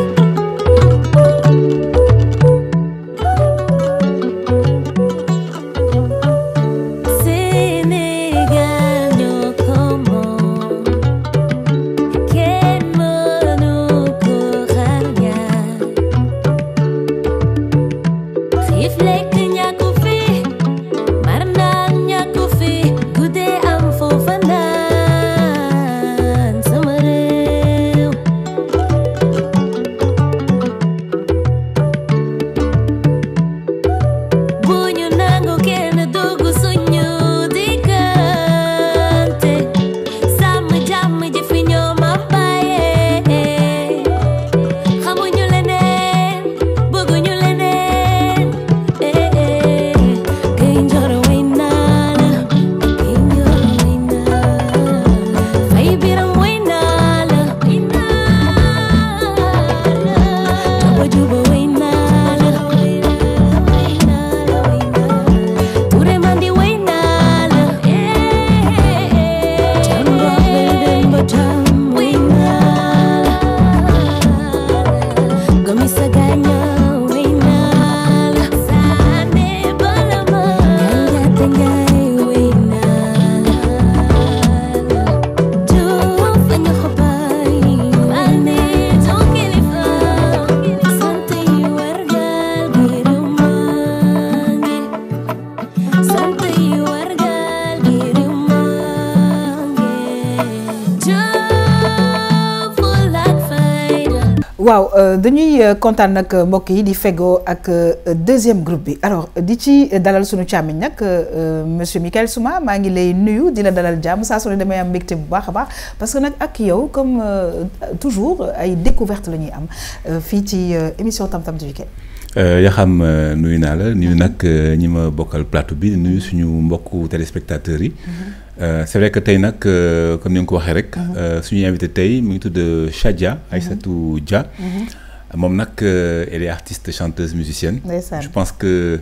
dañuy contane euh, nak euh, mbokk yi di fego ak euh, deuxième groupe bi alors di ci dalal sunu monsieur Michael Souma ma ngi lay nuyu di la dalal jam. sa am bu baax parce que nak ak yow comme toujours ay découverte la am fi ci émission tam-tam du week-end xam nuyu na la nuyu nak ñima bokal plateau bi nuyu suñu mbokku téléspectateurs yi mm-hmm. Euh, c'est vrai que tay nak euh, comme ni nga ko waxee rek. Mhm. Euh, suñu invité tay mu ngi tudd Chadia mhm. Aïssatou Dia. Mhm. moom nak elle est artiste chanteuse musicienne. je pense que.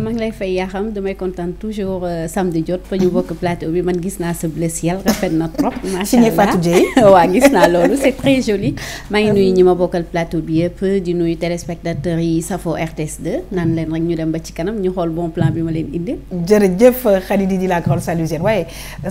maa ngi lay fay yaa xam damay kontaan toujours euh, samedi jot fa ñu bokk [laughs] plateau bi man gis naa sa bleu ciel rafet na trop. [laughs] macha allah [laughs] waaw gis naa loolu c'est très joli. maa ngi nuyu ñi ma bokkal plateau bi yëpp di nuyu téléspectateurs yi safo RTS 2 naan leen rek ñu dem ba ci kanam ñu xool bon plan bi ma leen indi. jërëjëf Khadidi di la grande salusienne waaye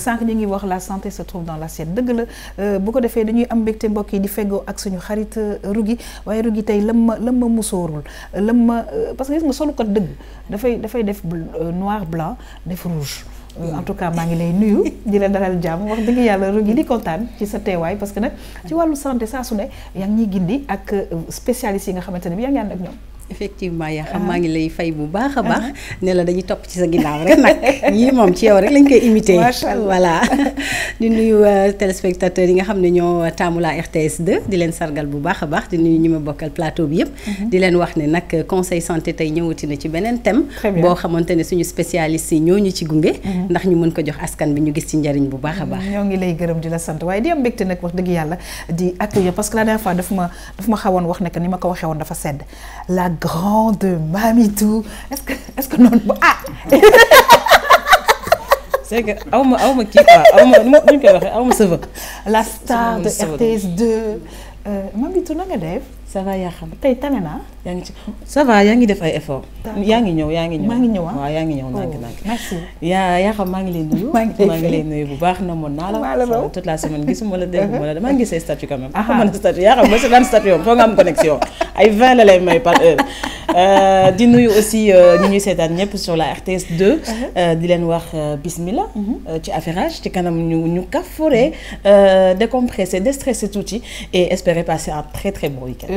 sànq ñu ngi wax la santé se trouve dans l'assiette dëgg la euh, bu ko defee dañuy am mbégte mbokk yi di feggoo ak suñu xarit euh, Rougui waaye Rougui tey lam ma lam ma musoorul lam ma parce que gis nga ko dëgg dafay dafay def euh, noir blanc def rouge. Euh, en tout cas maa ngi lay nuyu di la dalal jamm wax dëgg yàlla rugi di contane ci sa teewaay parce que nak ci walu santé saa su ne yaa ngi gindi ak euh, spécialiste yi nga xamante ne bi yaa ngi ak ñom effectivement yaa xam ah. maa ngi lay fay bu baax a ah. baax ne la dañuy topp ci sa ginnaaw rek nag ñii [laughs] moom ci yow rek lañ koy imité voilà [laughs] di nuyu euh, téléspectateurs yi nga xam ne ñoo taamulaa la RTS de di leen sargal bu baax a baax di nuyu ñi ma bokkal plateau yëpp mhm. di leen wax ne nag conseil santé tey ñëwati na ci beneen thème boo xamante ne suñu spécialistes yi ñoo ñu ci gunge mhm. ndax ñu mën ko jox askan bi ñu gis ci njariñ bu baax a baax ñoo ngi lay gërëm di la sant waaye di am mbégte nag wax dëgg yàlla di accueillir parce que la dernière fois daf ma daf ma xawoon wax ne ni ma ko waxee woon dafa sedd grande Mamitou. Est-ce que, est-ce que non. Ah! c'est la star de RTS2 euh, Mamitou na elle def ça va yaa xam tey tane naa. ngi ça va yaa ngi def ay effort. yaa ngi ñëw nyo ngi ñëw maa ngi ñëw ah waaw ngi oh, merci ya yaa mangi le ngi lay nuyu. maa ngi lay nuyu bu baax na moon naa la. toute la semaine gisuma la dégg ma la maa ngi say statut quand même. ah statut yaa xam ba si daan statut yow nga am connexion ay 20 la lay may par heure. Euh, di nuyu aussi euh, ñu ñuy année pour sur la RTS 2. Uh-huh. Euh, di leen wax bismillah. Mm-hmm. ci affairage ci kanam ñu ñu kafforee décompresser déstresser tuuti et espérer passer un très très bon week-end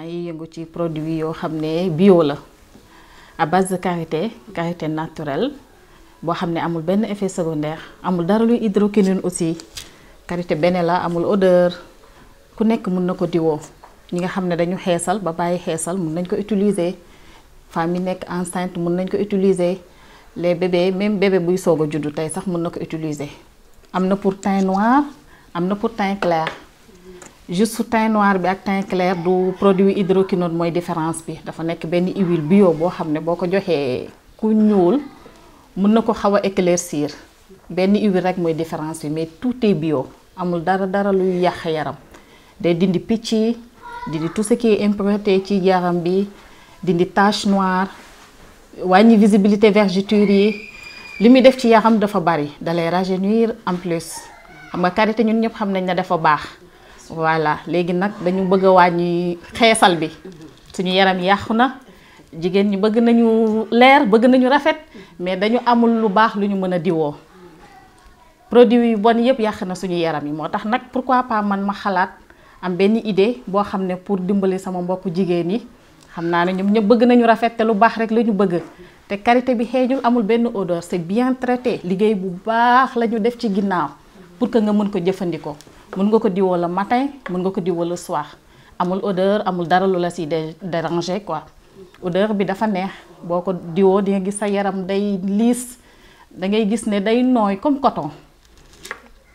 maa yëngu ci produit yoo xam ne bio la à base de karité karité naturelle boo xam ne amul benn effet secondaire amul dara luy hydroquinone aussi quarité bene la amul odeur ku nekk mun na ko diwoo ñi nga xam ne dañu xeesal ba bàyyi xeesal mun nañ ko utiliser faa yi nekk enceinte mun nañ ko utiliser les bébés même bébé buy soog a juddu tey sax mun na ko utiliser am na pour teint noir am na pour teint clair. juste teint noir bi ak teint clair du produit hydroquinone mooy différence bi dafa nek ben huile bio bo xamné ne joxé ku ñuul mën na ko xaw éclaircir ben huile rek moy différence mais tout est bio amul dara dara luy yàq yaram day dindi picc dindi tout ce qui est impureté ci yaram bi dindi tache noire wañi visibilité vergeture yi li muy def ci yaram dafa bari dalay rajeunir en plus xam nga karité ñun ñep xam nañ na dafa bax voilà légui nak dañu bëgg wañi xéssal bi suñu yaram yaxuna jigen jigéen ñi bëgg nañu lèr bëgg nañu rafet mais dañu amul lu baax lu ñu mën a diwoo produit yu bon yëpp yaxna suñu yaram yi motax nak pourquoi pas man ma xalat am benn idée bo xamné pour dimbalé sama mbokk jigen yi xamna na ne ñëp bëgg nañu rafet té lu baax rek lañu bëgg té bi amul benn odeur c'est bien traité liggéey bu baax lañu def ci ginnaw pour que nga mën ko jëfëndiko mën nga ko diwoo le matin mën nga ko diwoo le soir amul odeur amul dara lu la si déranger quoi odeur bi dafa neex boo ko diwoo di nga gis sa yaram day lisse da ngay gis ne day nooy comme coton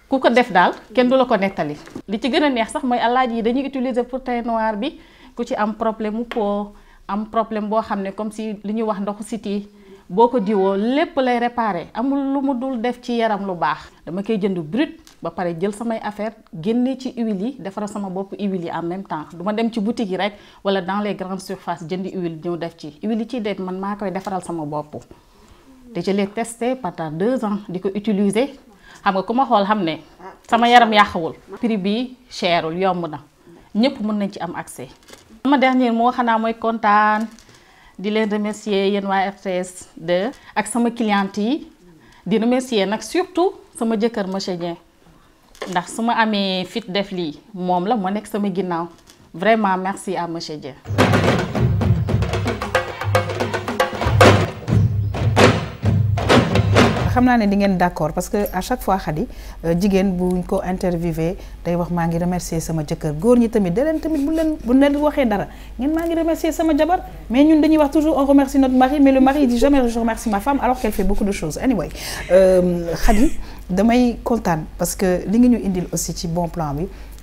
ku ko def daal kenn du la ko nettali. li ci gën a neex sax mooy alaaj yi dañuy utiliser pour teint noir bi ku ci am problème mu peau am problème boo xam ne comme si li ñuy wax ndoxu city boo ko diwoo lépp lay réparer amul lu mu dul def ci yaram lu baax. dama koy jënd brut ba paré jël samay affaire génne ci huile yi defara sama bop huile yi en même temps duma dem ci boutique yi rek wala dans les grandes surfaces jënd huile ñëw def ci huile ci ciy man maa koy defaral sama bop te je l'ai testé pendant 2 ans diko utiliser xam nga kuma xol xamné sama yaram yàqawul prix bi cherul yomb na ñëpp mën nañ ci am accès sama dernier mo xana moy kontaan di leen remercier yéen wa RTS 2 ak sama cliente yi di remercier nak surtout sama jëkkër monsieur Dieng ndax suma ma amee fit def lii moom la moo nekk sama ginnaaw vraiment merci à monsieur Dieng. xam naa ne di ngeen d'accord parce que à chaque fois Khady euh, jigéen buñ ko interviewé day wax maa ngi remercier sama jëkkër góor ñi tamit da tamit bu leen bu leen waxee dara ngeen maa ngi remercier sama jabar mais ñun dañuy wax toujours on remercie notre mari mais le mari dit jamais je remercie ma femme alors qu'elle fait beaucoup de choses anyway euh, Khady je suis content parce que ce que nous avons aussi bon plan,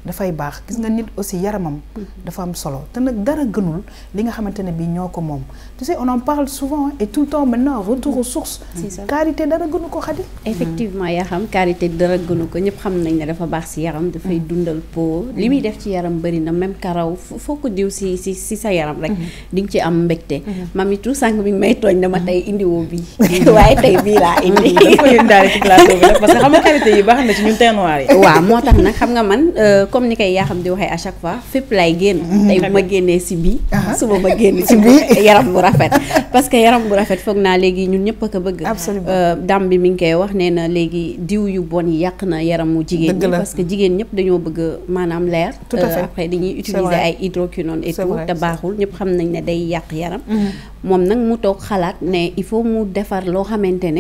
dafay baax gis nga nit aussi yaramam dafa am solo te nag dara gënul li nga xamante ne bi ñoo ko moom tu sais on en parle souvent hein, et tout le temps maintenant retour aux sources karité dara gënu ko xadi effectivement yaa xam karité dara gënu ko ñëpp xam nañ ne dafa baax si yaram dafay mm. dundal peau li muy def ci yaram bëri na même karaw foo ko diw si si si sa yaram rek mm-hmm. di nga ci am mbégte mm-hmm. mami tout sànq mi may tooñ dama mm-hmm. tey indiwoo bi [laughs] waaye tey bii laa indi [laughs] daal ci plateau bi parce que xam nga karité yi baax na ci ñun tey noir yi waaw moo tax nag xam nga man euh, comme ni kay ya xam di waxe à chaque fois fep lay guen mhm. tay ma génnee si bii [laughs] suba ma génn si yaram bu rafet parce que yaram bu rafet fogna légui ñun ñepp ka bëgg euh dam bi mi ngi koy wax néna légui diw yu bon yi yàq na yaramu jigéen ñi parce que jigen ñepp dañoo bëgg manam lèr euh, après dañuy utiliser ay hydroquinone et tout te baxul ñepp xam nañ né day yak yaram mom mhm. nak mu tok xalat né il faut mu defar lo xamante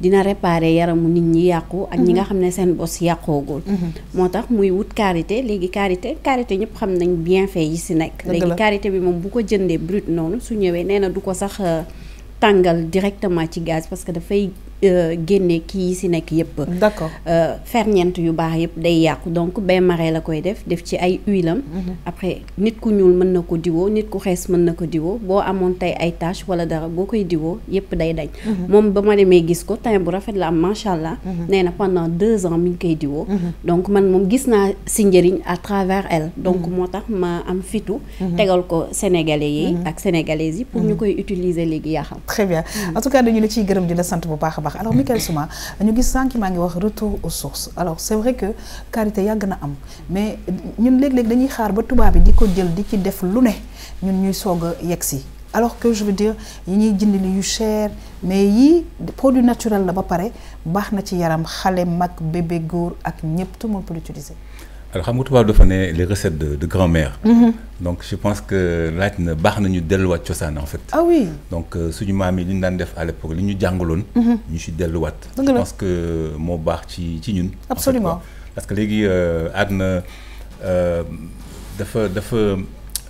dina réparer yaramu nit ñi yàqu ak ñi mhm. nga xamné sen boss bos yàqoogul muy wut carité léegi carité carité ñëpp xam nañ bienfait yi si nekk léegi carité bi moom bu ko jëndee brut noonu su ñëwee nee na du ko sax euh, tàngal directement ci gaz parce que dafay Euh, génne kii yi si nekk yëpp. d'accord euh, ferñent yu baax yëpp day yàqu donc bain maré la koy def def ci ay huile mhm. après nit ku ñuul mën nako diwo nit ku xess mën nako diwo bo boo tay ay taches wala dara boo diwo diwoo day dañ. mom mhm. bama ma gis ko tay bu rafet la machallah mhm. néna pendant deux ans mi ngi koy diwo donc man mom gis na si njëriñ à travers elle. donc motax ma am fitu. tégal ko sénégalais yi. ak sénégalaises yi pour ñukoy utiliser léegi yaxam très bien en tout cas dañu la ci gërëm di la santé bu baax baax baax alors Michael Souma ñu gis sànq maa ngi wax retour aux sources alors c'est vrai que Carité yàgg na am mais ñun lég lég dañuy xaar ba tuba bi diko jël di ci def lu ne ñun ñuy soga yexi alors que je veux dire yi ñi jënd li yu cher mais yi produit naturel la ba paré baax na ci yaram xalé mag bébé góor ak ñepp tout le monde peut l'utiliser alors xam nga tubaab dafa ne les recettes de de grand-mère. Mhm. donc je pense que laaj na baax nañu delluwaat cosaan en fait. ah oui donc euh, suñu maam yi li ñu daan def à l'époque li ñu jàngaloon. Mhm. ñu si delluwaat. je pense que moo baax ci ci ñun. absolument parce que léegi euh, àdduna euh, dafa dafa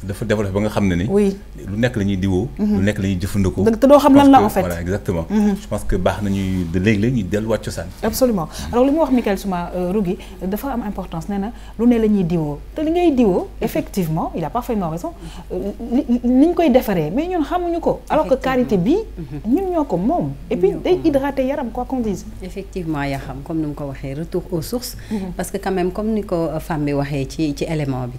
dafa développé ba nga xam ne ni. oui lu nekk la ñuy diwoo. Mhm. lu nekk la ñuy jëfandikoo. te doo xam lan la en fait voilà exactement. Mhm. je pense que baax nañuy de léegi-léegi ñuy delluwaat cosaan. absolument mhm. alors li mu wax Michael Souma euh, Rougui dafa am importance nee na lu ne la ñuy diwoo te li ngay diwoo effectivement il a parfaitement raison euh, ni ñu koy defaree mais ñun xamuñu ko. alors que karité bi ñun ñoo ko moom. et puis day hydrater yaram quoi qu'on dise. effectivement yaa xam comme ni mu ko waxee retour aux sources. parce que quand même comme ni ko euh, femme bi waxee ci ci élément bi.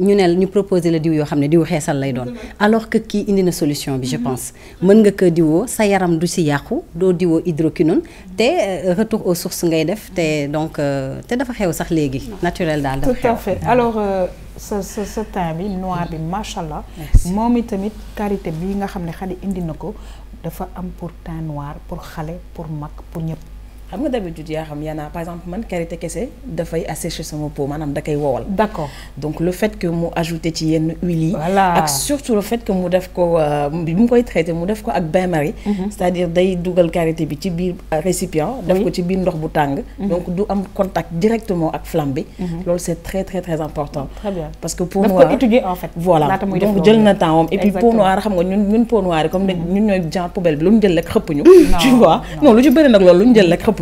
ñu ne ñu proposer le diw yoo xam diw xeesal lay doon alors que qui indi na solution bi je mhm. pense mën nga que diwoo sa yaram du si yàqu do diwoo hydroquinone te euh, retour aux sources ngay def te donc euh, te dafa xew sax légui naturel dal tout à fait mhm. alors euh, ce ce sa teint bi noir bi machallah momi tamit carité bi nga xamné xali indi nako dafa am pour teint noir pour xalé pour mak pour ñëpp xam nga d'habitude yaa xam yaa naa par exemple man karité kese dafay assécher sama peau maanaam da koy wowal. d'accord donc le fait que mu ajouté ci yenn huile yi. ak surtout le fait que mu def ko euh, bi mu koy traité mu def ko ak bain marie. Mhm. c'est-à-dire day dugal karité bi ci biir euh, récipient. def ko ci biir ndox bu tàng. Mhm. donc du am contact directement ak flamme bi. Mhm. loolu c'est très très très important. très bien parce que peau noire daf ko étudier en fait. voilà donc jël na temps am et puis peau noire xam nga ñun ñun peau noire comme ñun ñooy genre poubelle bi lu ñu jël rek xëpp ñu. tu vois non lu ci bëri nag loolu lu ñu jël rek xëpp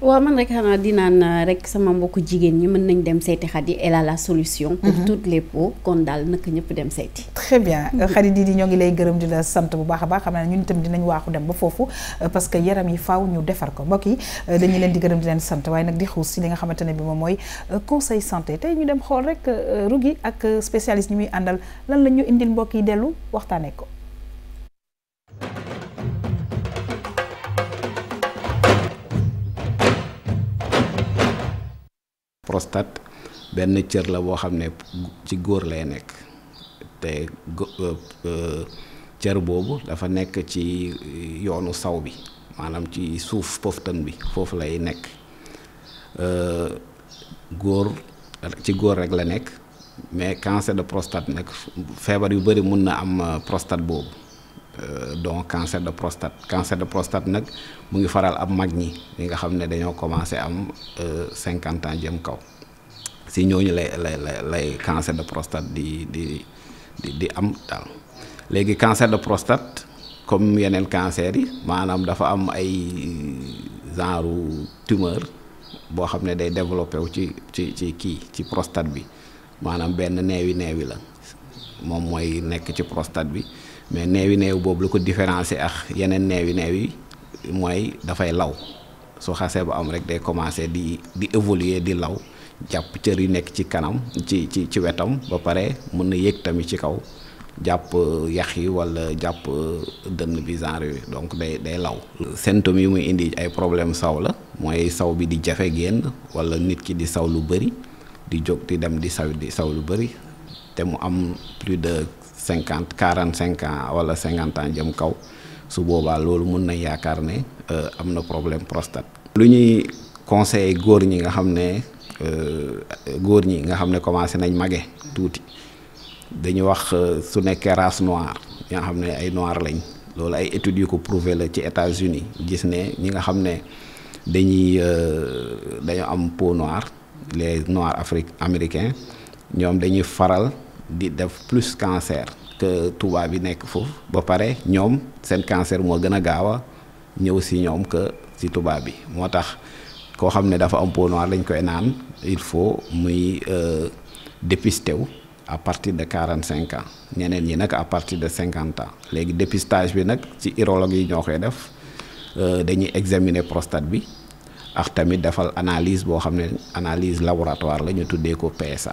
waaw man rek xanaa dinaan euh, rek sama mbokku jigéen ñi mën nañ dem seeti Khady elle a la solution. pour mhm. toutes les peaux kon daal naka ñëpp dem seeti. très bien mhm. Khady di ñoo ngi lay gërëm di la sant bu baax a baax xam naa ñun itam dinañ waaxu dem ba foofu euh, parce que yaram yi faaw ñu defar ko mbokk yi euh, dañu leen di gërëm di leen sant waaye nag di xuus si li nga xamante ne bi moom mooy conseil santé tey ñu dem xool rek rugi ak spécialiste ñu muy àndal lan la ñu indil mbokk yi dellu waxtaanee ko. prostate benn cër la boo xam ne ci góor lay nekk te euh, euh, cër boobu dafa nekk ci yoonu saw bi maanaam ci suuf poftan bi foofu lay nekk euh, góor ci góor rek la nekk mais cancer de prostate nag feebar yu bari mun na am prostate boobu Euh, donc cancer de prostate cancer de prostate nag mu ngi faral am mag ñi li nga xam ne dañoo commencé am euh, cinquante ans jëm kaw si ñooñu lay lay lay cancer de prostate di di di am daal léegi cancer de prostate comme yeneen cancer yi maanaam dafa am ay genre tumeur boo xam ne day développé wu ci ci ci kii ci prostate bi maanaam benn neewi neewi la moom mooy nekk ci prostate bi mais neewi neew boobu la ko différencier ak yeneen neewi neew yi mooy dafay law su xasee ba am rek day commencer di di évoluer di law jàpp cër yi nekk ci kanam ci ci ci wetam ba pare mën na yéeg tamit ci kaw jàpp euh, yax yi wala jàpp euh, dënn bi genre yooyu donc day day law symptômes yi muy indi ay problème saw la mooy saw bi di jafe génn wala nit ki di saw lu bëri di jóg di dem di saw di saw lu bëri te mu am plus de cinquante quarante cinq ans wala cinquante ans jëm kaw su boobaa loolu mun na yaakaar ne am na problème prostate lu ñuy conseil góor ñi nga ñi nga commencé nañ mage tuuti dañu wax su nekkee race noire nga xam ay noir lañ loolu ay études yu ko prouvé la ci États-Unis gis ne ñi nga xam ne dañuy dañu am peau les noirs afrique américains dañuy faral di def plus cancer que Touba bi nek foofu ba paré ñom seen cancer mo gëna gawa gaaw ci ñom que ci Touba bi motax ko xamné dafa am peau noir lañ koy naan il faut muy euh, dépister wu à partir de 45 ans ñeneen ñi nak à partir de 50 ans légui dépistage bi nak ci urologue yi ñoo koy def euh, dañuy examiner prostate bi ak tamit defal analyse bo xamné analyse laboratoire la ñu tuddee ko PSA.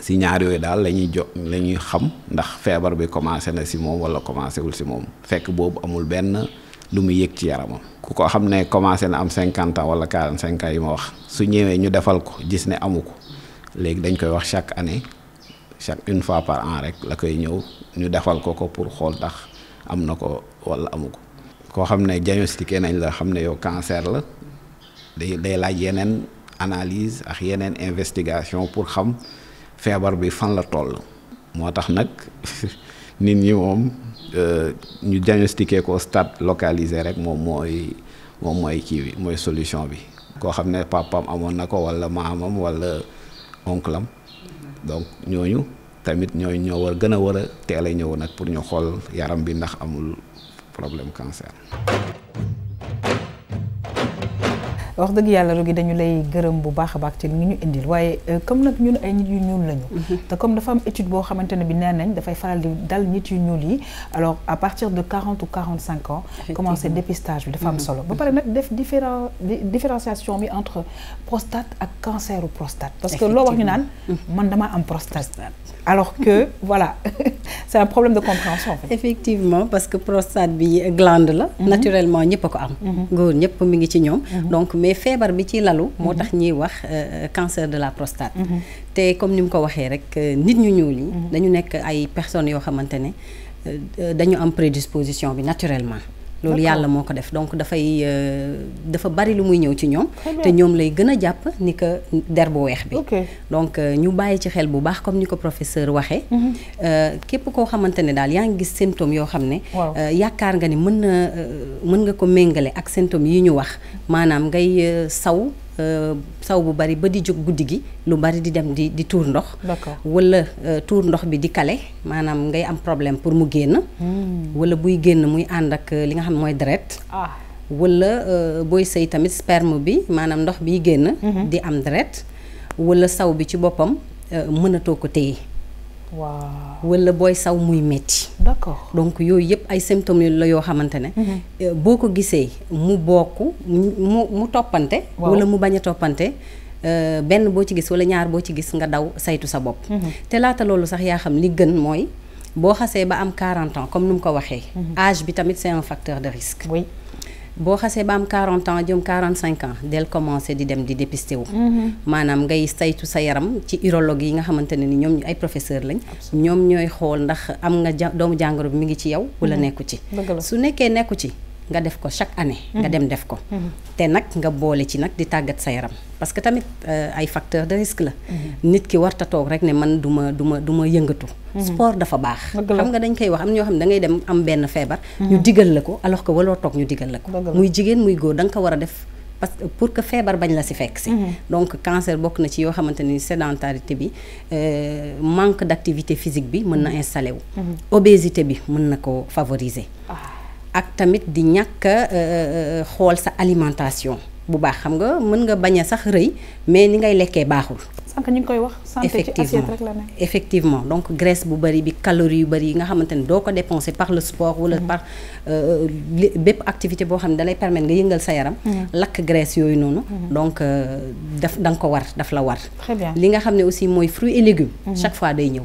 si ñaar yooyu daal lañuy ñuy jo la ñuy xam ndax feebar bi commencé na si moom wala commencé wul si moom fekk boobu amul benn lu mu yéeg ci yaramam. ku ko xam ne commencé na am cinquante ans wala quarante cinq ans yi ma wax su ñëwee ñu defal ko gis ne amu ko léegi dañ koy wax chaque année chaque une fois par an rek la koy ñëw ñu defal ko ko pour xool ndax am na ko wala amu ko. koo xam ne diagnostiqué nañ la xam ne yow cancer la day day laaj yeneen analyse yeneen investigation pour xam. feebar bi fan la toll moo tax nag [laughs] nit ñi moom euh, ñu diagnostiqué ko stade localisé rek moom mooy moom mooy kii bi mooy solution bi koo xam ne papam amoon na ko walla maamam walla oncle am donc ñooñu tamit ñooy ñoo war gën a war a teel a ñëw nag pour ñu xool yaram bi ndax amul problème cancer wax dëgg yàlla rogi dañu lay gërëm bu baax a baax ci li ñu indil waaye euh, comme nag ñun ay nit yu ñuul lañu. Mhm. te comme dafa am étude boo xamante ne bi nee nañ dafay faral di dal nit yu ñuul yi alors à partir de 40 ou 45 ans. commencer dépistage bi dafa am mhm. solo. ba pare nag def différen différenciation bi entre prostate ak cancer u prostate. parce que loo wax ñu naan mhm. man dama am prostate. alors que [laughs] voilà [laughs] c'est un problème de compréhension. effectivement parce que prostate bi glande la. naturellement ñëpp a ko am. góor ñëpp mi ngi ci ñoom donc mais feebar bi ci lalu mhm. moo tax ñuy wax euh, euh, cancer de la prostate mhm. te comme ni mu ko waxee rek euh, nit ñu ñuul yi mhm. dañu nekk ay personnes yoo xamante ne dañu am prédisposition bi naturellement loolu yàlla moo ko def donc dafay euh, dafa bari lu muy ñëw ci ñoom te ñoom lay gën a jàpp ni que der bu weex bi donc euh, ñu bàyyi ci xel bu baax comme ni ko professeur waxee mhm. euh, képp koo xamante ne daal yaa ngi gis symptômes yoo xam ne yaakaar nga ni mën na mën nga ko méngale ak symptômes yi ñu wax maanaam ngay saw Euh, saw bu bari ba di jog guddigi lu bari di dem di di tour ndox wala euh, tour ndox bi di calé manam ngay am problème pour mu guen hmm. wala buy guen muy and ak euh, li nga xam moy dret ah. wala boy sey tamit sperme bi manam ndox bi guen mhm. di am dret wala saw bi ci boppam ko waaw wala booy saw muy metti d'accord donc yooyu yep ay symptômes la yo xamantene ne mhm. euh, boo ko mu boku mu mu wala mu baña a euh ben bo ci gis wala ñaar bo ci gis nga daw saytu sa bop mhm. té laata lolu sax ya xam li gën moy bo xasee ba am 40 ans comme num ko waxé mhm. âge bi tamit c'est un facteur de risque oui. boo xasee ba am 40 ans jëm 45 ans del commencé di dem di dépisté wu. Mhm. maanaam ngay saytu sa yaram ci urologue yi nga xamante ne ni ñoom ñu ay professeur lañ. ñoom ñooy xool ndax am nga ja doomu jàngoro bi mi ngi ci yow. wala mhm. nekku ci su nekkee nekku ci. nga def ko chaque année. Mm-hmm. nga dem def ko. Mm-hmm. té nak nga bolé ci nak di tagat sa yaram parce que tamit euh, ay facteur de risque la. Mm-hmm. nit ki warta tok rek né man du duma du ma du ma sport dafa bax xam nga dañ koy wax am ñoo xam da ngay dem am benn feebar. ñu digal lako alors que waloo tok ñu digal lako muy jigen muy go. da nga ko def. parce que pour que fièvre bañ la si fekk ci donc cancer bok na ci yo xamanteni sédentarité bi euh, manque d'activité physique bi mën na installé wu obésité bi mën na ko favoriser ah ak tamit di euh, euh xool sa alimentation bu baax xam nga mën nga bañ sax reuy mais ni ngay lekkee baaxul. sank ñu ngi koy wax. santé ci assiette rek la né effectivement donc graisse bu bari bi calories yu bari yi nga xamantene ne ko dépenser par le sport wala mm-hmm. par euh bép activité bo xam dalay permettre nga yëngal sa yaram. Mm-hmm. lakk graisse yoyu noonu. Mm-hmm. donc euh, daf dang ko war daf la war. très bien li nga xamné aussi moy fruits et légumes. chaque fois day ñëw.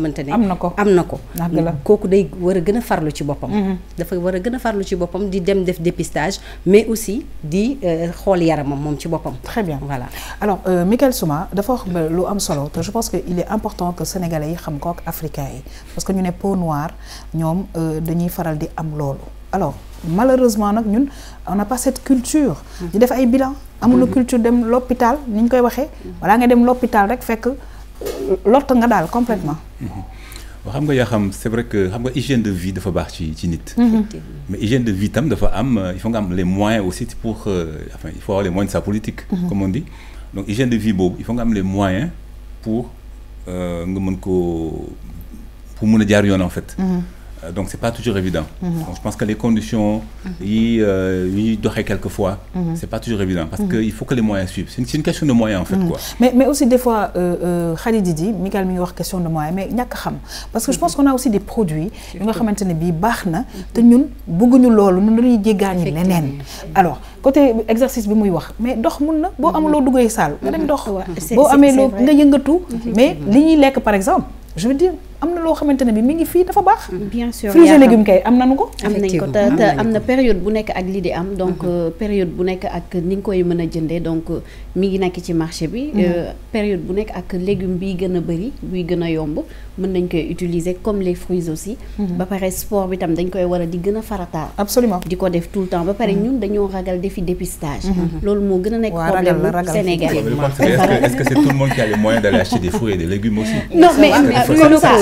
xamante ne am na ko am na kooku day war a gën a farlu ci boppam mm-hmm. dafa war a gën a farlu ci boppam di dem def dépistage mais aussi di euh, xool yaramam moom ci boppam très bien voilà alors euh, Michael Souma dafa wax lu am solo te je pense que il est important que sénégalais yi xam ko ak africains yi parce que ñu ne peau noire ñoom euh, dañuy faral di am loolu alors malheureusement nag ñun on n'a pas cette culture di def ay bilan amul mm-hmm. culture dem l'hôpital ni ñu koy waxee wala nga dem l'hôpital rek fekk lott nga dal complètement mm-hmm. waaw xam nga xam c'est vrai que xam nga hygiène de vie dafa baax ci ci nit mm-hmm. mais hygiène de vie tam dafa am euh, il faut nga am les moyens aussi pour euh, enfin il faut avoir les moyens de sa politique mm-hmm. comme on dit donc hygiène de vie boobu il faut nga am les moyens pour euh, nga mën ko pour mën jaar yoon en fait euh, donc c'est pas toujours évident. Mhm. donc, je pense que les conditions, mhm. il y euh, a quelquefois, mm -hmm. c'est pas toujours évident parce mhm. qu'il faut que les moyens suivent. C'est une, question de moyens en fait quoi. Mais, mais aussi des fois, euh, euh, dit, Didi, Michael question de moyens, mais il a parce que je pense qu'on a aussi des produits, nous avons bi baxna, te ñun bëggu ñu lolu, ñun dañuy jéggaani nenen. Alors, côté exercice bi muy wax, mais dox mën na bo amul lo duggé salle, nga dem dox. Bo amé lo nga mais li ñuy par exemple, je veux dire am na loo xamante ne bi mi ngi fii dafa baax. Mm, bien sûr fruits et légumes kay am nañu ko. am nañ ko te te am na période bu nekk ak li di am. donc mm-hmm. euh, période bu nekk ak ni nga koy mën a jëndee donc euh, mi ngi nekk ci marché bi. Mm-hmm. Euh, période bu nekk ak légumes bi gën a bëri buy gën a yomb mën nañ koy utiliser comme les fruits aussi. Mm-hmm. ba pare sport bi tam dañ koy war a di gën a absolument di ko def tout le temps ba pare ñun dañoo ragal defi dépistage. loolu moo gën a nekk problème bu Sénégal. est-ce que c'est tout le monde qui a les moyens d'aller acheter des fruits et des légumes aussi. non mais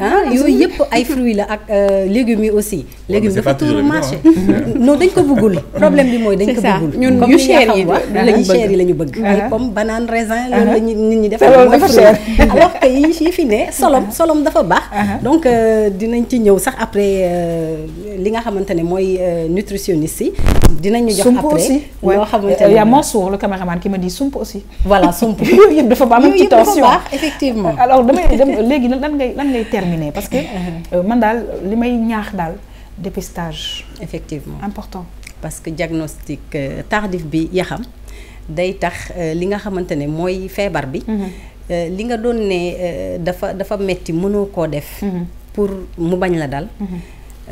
Ah, ah yooyu yëpp ay fruits la ak euh, légumes yi aussi. légumes dafa tuuru marché. Hein. non dañ ko bëggul problème bi mooy dañ ko bëggul. ñun yu cher yi lañu cher yi la bëgg. ay pomme banane raisin. loolu la nit ñi defal mooy fruit alors que yi fi ne solom solom dafa baax. donc euh, dinañ ci ñëw sax après euh, li nga xamante ne mooy nutritionniste yi. dinañ ñu jox après loo xamante ne. y a Mansour le cameraman qui me dit sump aussi. voilà sump yooyu dafa baax am ci tension yooyu yëpp dafa baax alors damay [laughs] dem léegi lan ngay lan ngay terminer parce que [laughs] euh, man daal li may ñaax dépistage effectivement important parce que diagnostic euh, tardif bi yaxam day tax euh, li nga moi ne Barbie linga bi mhm. li nga doon ne dafa dafa metti mënoo def mhm. pour mu la dal mhm.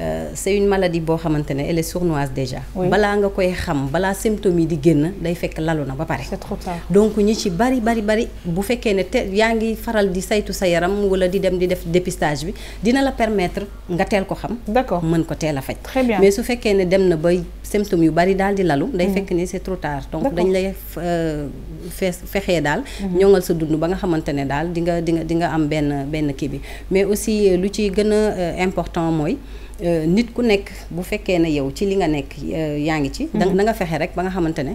Euh, c'est une maladie bo xamantene elle est sournoise déjà. bala nga koy xam bala symptômes yi di génn day fekk lalu na ba pare. c'est trop tard donc ñi ci bari bari bari bu fekkee ne yaangi faral di saytu sa yaram wala di dem di def dépistage bi dina la permettre nga teel ko xam. d'accord mën ko téla a très bien mais su fekkee ne dem na ba symptômes yu bari dal di lalu. day mhm. fekk ne c'est trop tard donc dañ lay euh, fexé dal mhm. ñoŋal sa dund ba nga xamantene dal di nga di nga am ben ben kibi mais aussi euh, lu ci gëna important moy Euh, nit ku nekk bu fekkee ne yow ci li nga nekk euh, yaa ngi ci. da mhm. nga fexe rek ba nga xamante ne.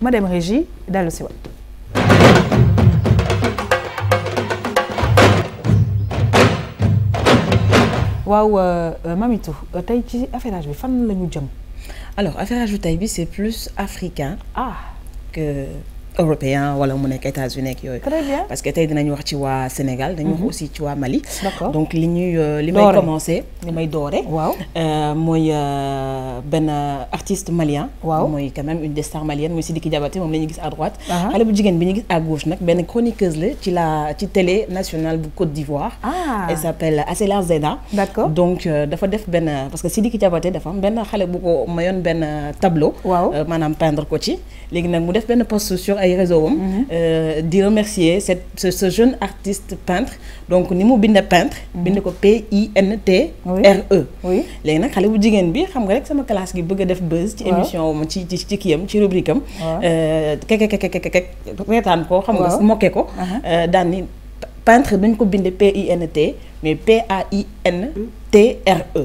madame Régie dans le Mamito, Wow, euh, euh, Mamitou euh, Taïti, ci affairage bi fan la jëm alors Affaire à jouer, c'est plus africain ah que européen wala mu nek États-Unis ak yoy très bien parce que tay dinañ wax ci wa Sénégal. dañu mhm. wax aussi ci wa Mali. d'accord donc li ñuy euh, li may commencer. ni may doore waaw. Euh, moy euh, ben artiste malien. waaw mooy quand même une des stars maliennes moy Sidiki Diabaté mom lañu ñu gis à droite. xale bu jigen bi ñu gis à gauche nak ben chroniqueuse la ci la ci télé nationale bu Côte d'Ivoire. ah elle s'appelle Asela Zeda d'accord donc dafa def ben parce que Sidiki Diabaté dafa ben xalé bu ko mayoon ben tableau. waaw maanaam peindre ko ci légui nak mu def ben poste sur de réseau mhm. euh, remercier ce, jeune artiste peintre donc nous sommes peintre mhm. P I N T R E classe buzz émission euh, peintre ko binde mais P A I N T R E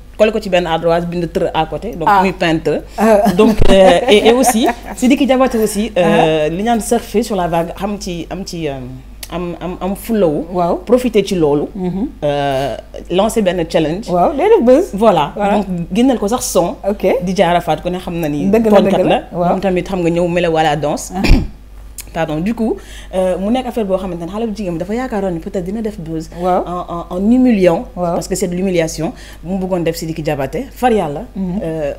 collé ko ci ben ardoise bind tër à côté. donc ah. muy peintre. Ah. [laughs] donc euh, et et aussi Sidiki Diabaté aussi. Euh, ah. li ñaan surfer sur la vague am ci am ci. Euh, am am am fulawu. waaw profité ci loolu. Mhm. lancé benn challenge. waaw day def buzz. voilà donc génneel ko sax son. ok di jarafat ko ne xam na ni. dëgg kat la tooñkat tamit xam nga ñew mele wala danse pardon du coup euh, mu affaire ne en humiliant. parce que c'est de l'humiliation mu bëggoon def Sidiki jabaté far mhm. euh,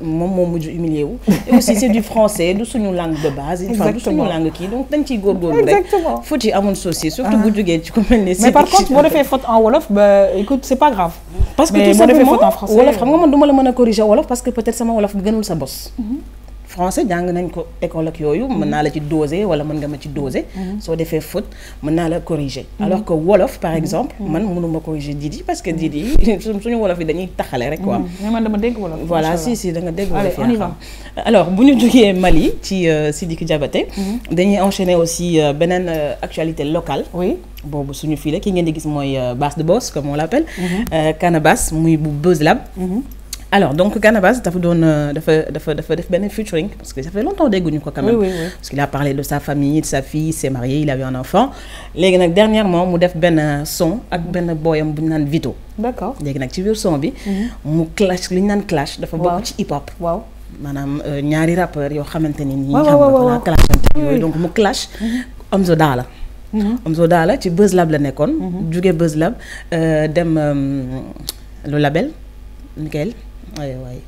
et aussi c'est du français du suñu langue de base. exactement langue donc dañ gor gor rek. surtout ah. bu ci mais par contre faute en wolof bah, écoute c'est pas grave. parce que tout simplement wolof xam nga man corriger wolof parce que peut-être sama wolof gënul sa bosse. Mhm français jang nañ ko école ak yoyu mën na la ci doser wala mën nga ma ci doser. Mm-hmm. so défé faute mën na la corriger. alors que wolof par mm-hmm. exemple. Mm-hmm. man mënuma corriger Didi parce que Didi [laughs] suñu wolof yi dañuy taxalé rek quoi. mais man dama dégg wolof. voilà si si da nga dégg wolof. alors buñu ñu Mali ci euh, Sidiki jabaté dañuy enchaîner aussi euh, benen euh, actualité locale. oui boobu suñu fii ki ngeen di gis moy Bass de Boss comme on l'appelle. Canabass muy bu Buzz Lab alors donc tu as fait, un parce que ça fait longtemps que ko quand même parce qu'il a parlé de sa famille de sa fille il s'est marié il avait un enfant Les dernièrement, dernièrement fait un son un Vito d'accord Il a fait un son bi mhm. clash clash fait hip hop donc clash mhm. mhm. Buzz Buzz euh, dem euh, le label Nickel waay waay.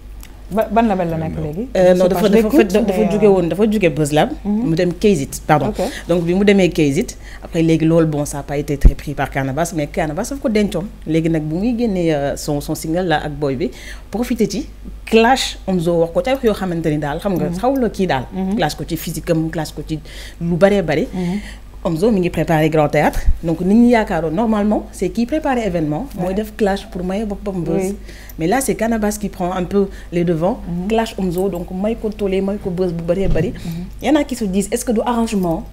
ba ban label la nekk léegi. Euh, non dafa dafa dafa jóge won dafa jóge buzz mhm. mu dem Kayzit pardon. donc bi mu démé Kayzit après léegi lol bon ça a pas été très pris par cannabis mais cannabis daf ko dencoon léegi nak bu muy génnee euh, son son single là ak boy bi profité ci clash zo wax ko tay wax yo xamante dal xam nga mhm. xawlo ki dal mhm. clash ko ci physique clash ko ci lu baree bare zo mi prépare préparé grand théâtre donc Nini normalement c'est qui prépare l'événement, événement. mooy def clash pour moi, boppam mais là c'est cannabis qui prend un peu les devants. Mhm. clash Omzo donc moi, ko je may ko il bu mhm. y en a qui se disent est ce que du arrangement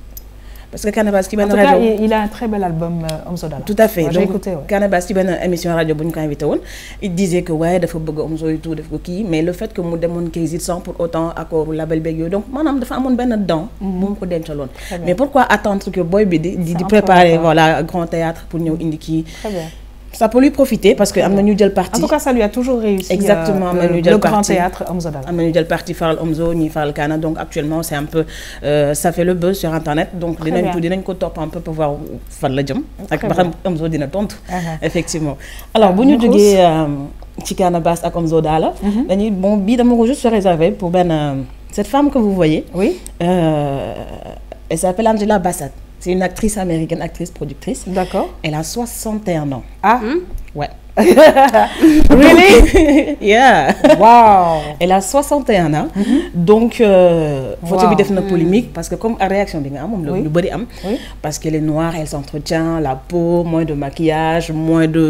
parce que Canabasse ci benn rajo en tout cas il a un très bel album euh, Omzo Dollar. tout à fait j'ai écouté. Canabasse ci benn émission radio, bu ko invité woon. il disait que waaye dafa bëgg Omzo et tout def ko kii mais le fait que mu demoon Kézit sans pour autant accord label donc mon donc de dafa mon ben dedans, mon mhm. mu ko dencaloon. mais pourquoi attendre que boy bi di di préparer voilà grand théâtre pour ñëw indi bien ça peut lui profiter parce que am na ñu parti. en tout cas ça lui a toujours réussi. Euh, exactement le grand théâtre Omzo daal. am ñu jël parti faral Omzo ñi faral Kana. donc actuellement c'est un peu euh, ça fait le buzz sur internet. donc dinañ ko dinañ ko top un peu pour voir fan la jëm. Uh-huh. Euh, ak Omzo dina effectivement alors si ñu jógee ci Kaana Bass ak dañuy bon bii dama ko juste réservé pour ben cette femme que vous voyez. oui. elle s'appelle Angela Bassat. C'est une actrice américaine, actrice, productrice. D'accord. Elle a 61 ans. Ah Ouais. [laughs] really? [laughs] yeah. Wow. Elle a 61 ans. Mm -hmm. Donc, euh, wow. photo wow. une polémique mm. parce que comme réaction, oui. oui. parce qu'elle est noire, elle s'entretient, la peau, moins de maquillage, moins de...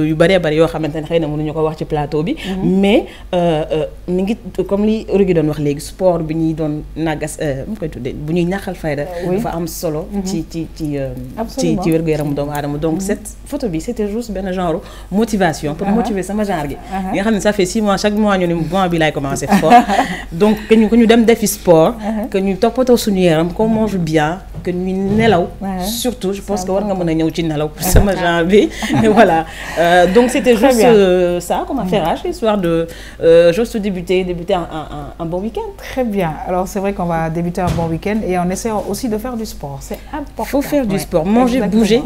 plateau mm-hmm. Mais, euh, euh, comme les rugi don wax légui sport bi ñi don nagas euh mu koy tuddé bu ñuy ñaxal fayda euh, dafa am solo mm-hmm. ci ci ci euh, ci ci wërgu yaram doomu adama donc mm-hmm. cette photo bi c'était juste ben genre motivation motivation pour motiver sama genre gi li nga xam ne ça fait 6 mois chaque mois ñu ni bon bi laay commencé fort [laughs] donc que ñu ñu dem défi sport ah, ah. que ñu toppatoo suñu yaram qu'on mange bien que ñu nelaw ah, surtout je pense que war nga mën a ñëw ci nelaw pour sama genre et [laughs] [laughs] voilà euh, donc c'était juste euh, ça comme affairage histoire de euh, juste débuter débuter un un, un, bon week-end très bien alors c'est vrai qu'on va débuter un bon week-end et on essaie aussi de faire du sport c'est important faut faire du sport manger bouger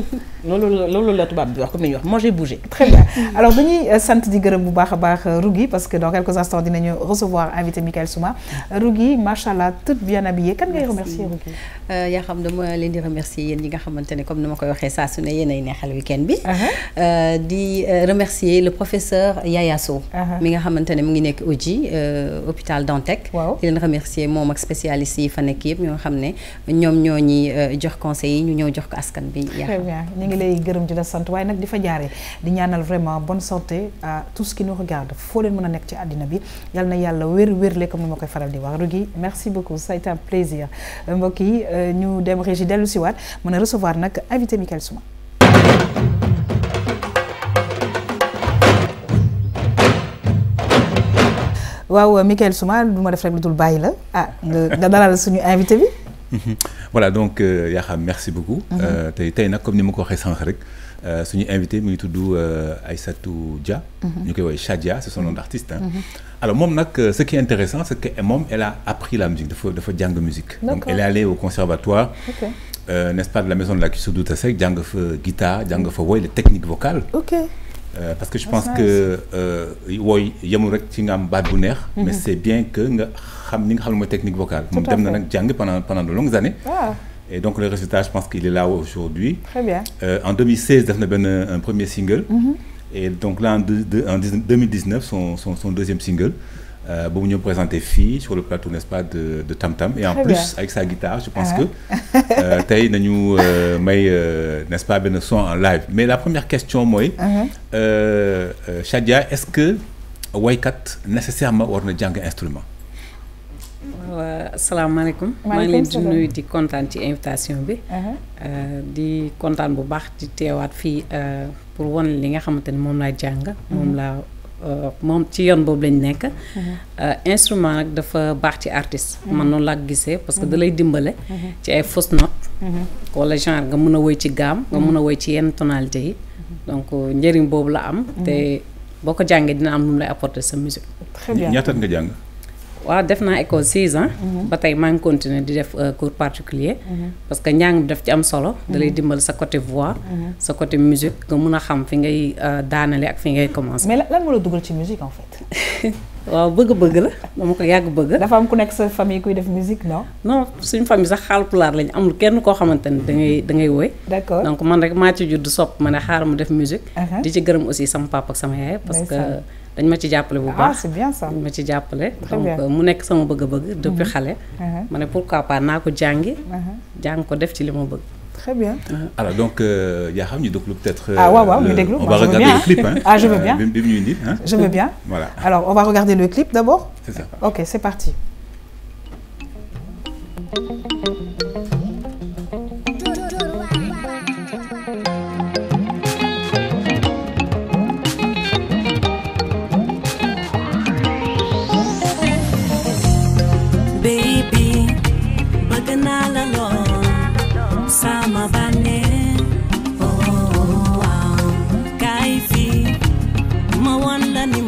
loolu loolu la tubaab bi wax comme ni wax manger bouger très bien alors dañuy sant di gërëm bu baax a baax euh, Rougui parce que dans quelques instants dinañu recevoir invité Michael Souma euh, Rougui macha allah toute bien habillé kan ngay remercier Rougui. Euh, yaa xam dama leen di remercier yéen ñi nga xamante ne comme ni ma koy waxee saa su ne yéen ay neexal week-end bi. Uh-huh. di remercier le professeur Yaya Sow. Uh-huh. mi nga xamante ne mu ngi nekk Oji hôpital Dantec. di leen remercier moom ak spécialiste yi fa nekk yëpp ñoo xam ne ñoom ñoo ñi jox conseil yi ñu ñëw jox ko askan bi. yaa très bien ñu ngi lay gërëm di la sant waaye nag di fa jaaree di ñaanal vraiment bonne santé à tout ce qui nous regarde foo leen mën a nekk ci àddina bi yal na wir wér comme ni ma koy faral di wax Rougui merci beaucoup ça a été un plaisir Mboki, nous euh, ñu dem régie dellu si waat recevoir nak invité Michael Souma waaw Michael Souma nous ma def rek tout le bàyyi ah nga dalal suñu invité bi Mhm. voilà donc euh, Yaha merci beaucoup. Mhm. Et euh, tay comme ni ma ko sank euh, suñu invité mu ngi Dia. Mhm. ñu koy Chadia c'est son nom d'artiste. Hein. alors mom nak ce qui est intéressant c'est que mom elle a appris la musique dafa dafa jàng musique. donc elle est allée au conservatoire. n'est-ce pas de la maison de la culture Elle a appris fa guitare Elle fa woy les techniques vocales. Euh, parce que je ah, pense que euh, wooy yemul rek ci mais mhm. c'est bien que nga xam nga xam technique vocale. pendant de longues années. Ah. Et donc le résultat, je pense qu'il est là aujourd'hui. Très bien. Euh, en 2016, a fait un premier single. Mhm. Et donc là, en, 2019, son, deuxième single pour euh, nous présenter présenté fi sur le plateau n'est-ce pas de Tam Tam. et en plus avec sa guitare je pense ah que. nous euh, nañu euh, may n'est-ce pas son en live. mais la première question moi Chadia uh-huh. est-ce que waykat nécessairement war na instrument. waaw salam alaikum. Je suis di de di Je ci invitation bi. Uh-huh. di kontaan bu pour won li nga xamante ni moom euh, mom ci yoon bobu lañ nekk. Mhm. Euh, instrument nag dafa baax ci artiste. Mhm. man noonu laa gisee parce que mhm. da lay dimbale. ci ay fausse note. wala genre nga mën a woy ci gaam nga mën a woy ci yenn tonalité yi. donc euh, njëriñ boobu la am. te boo ko jàngee dina am lu lay apporter sa musique. très bien ñaata nga jàng waaw def naa école 6 ans. Mhm. ba tey maa ngi continuer di def euh, cours particulier mhm. parce que njàng bi daf ci am solo. da lay mhm. dimbal sa côté voix. sa côté musique nga mun a xam fi ngay euh, daanale ak fi ngay commencer. mais lan moo la dugal ci musique en fait. [laughs] waaw bëgg-bëgg la dama ko yàgg bëgg. dafa am ku nekk sa famille kuy def musique non. non suñu famille sax xaalpulaar lañu amul kenn koo xamante ne da ngay woy. d'accord donc man rek maa ci judd sopp ma ne xaaral mu def musique. Uh-huh. di ci gërëm aussi sama papa ak sama yaay parce que ah c'est bien ça donc pourquoi pas très bien. Ah, alors donc euh, peut-être. ah euh, on va regarder le clip hein. Hein. ah je veux bien euh, hein. je veux bien voilà alors on va regarder le clip d'abord. c'est ça ok c'est parti.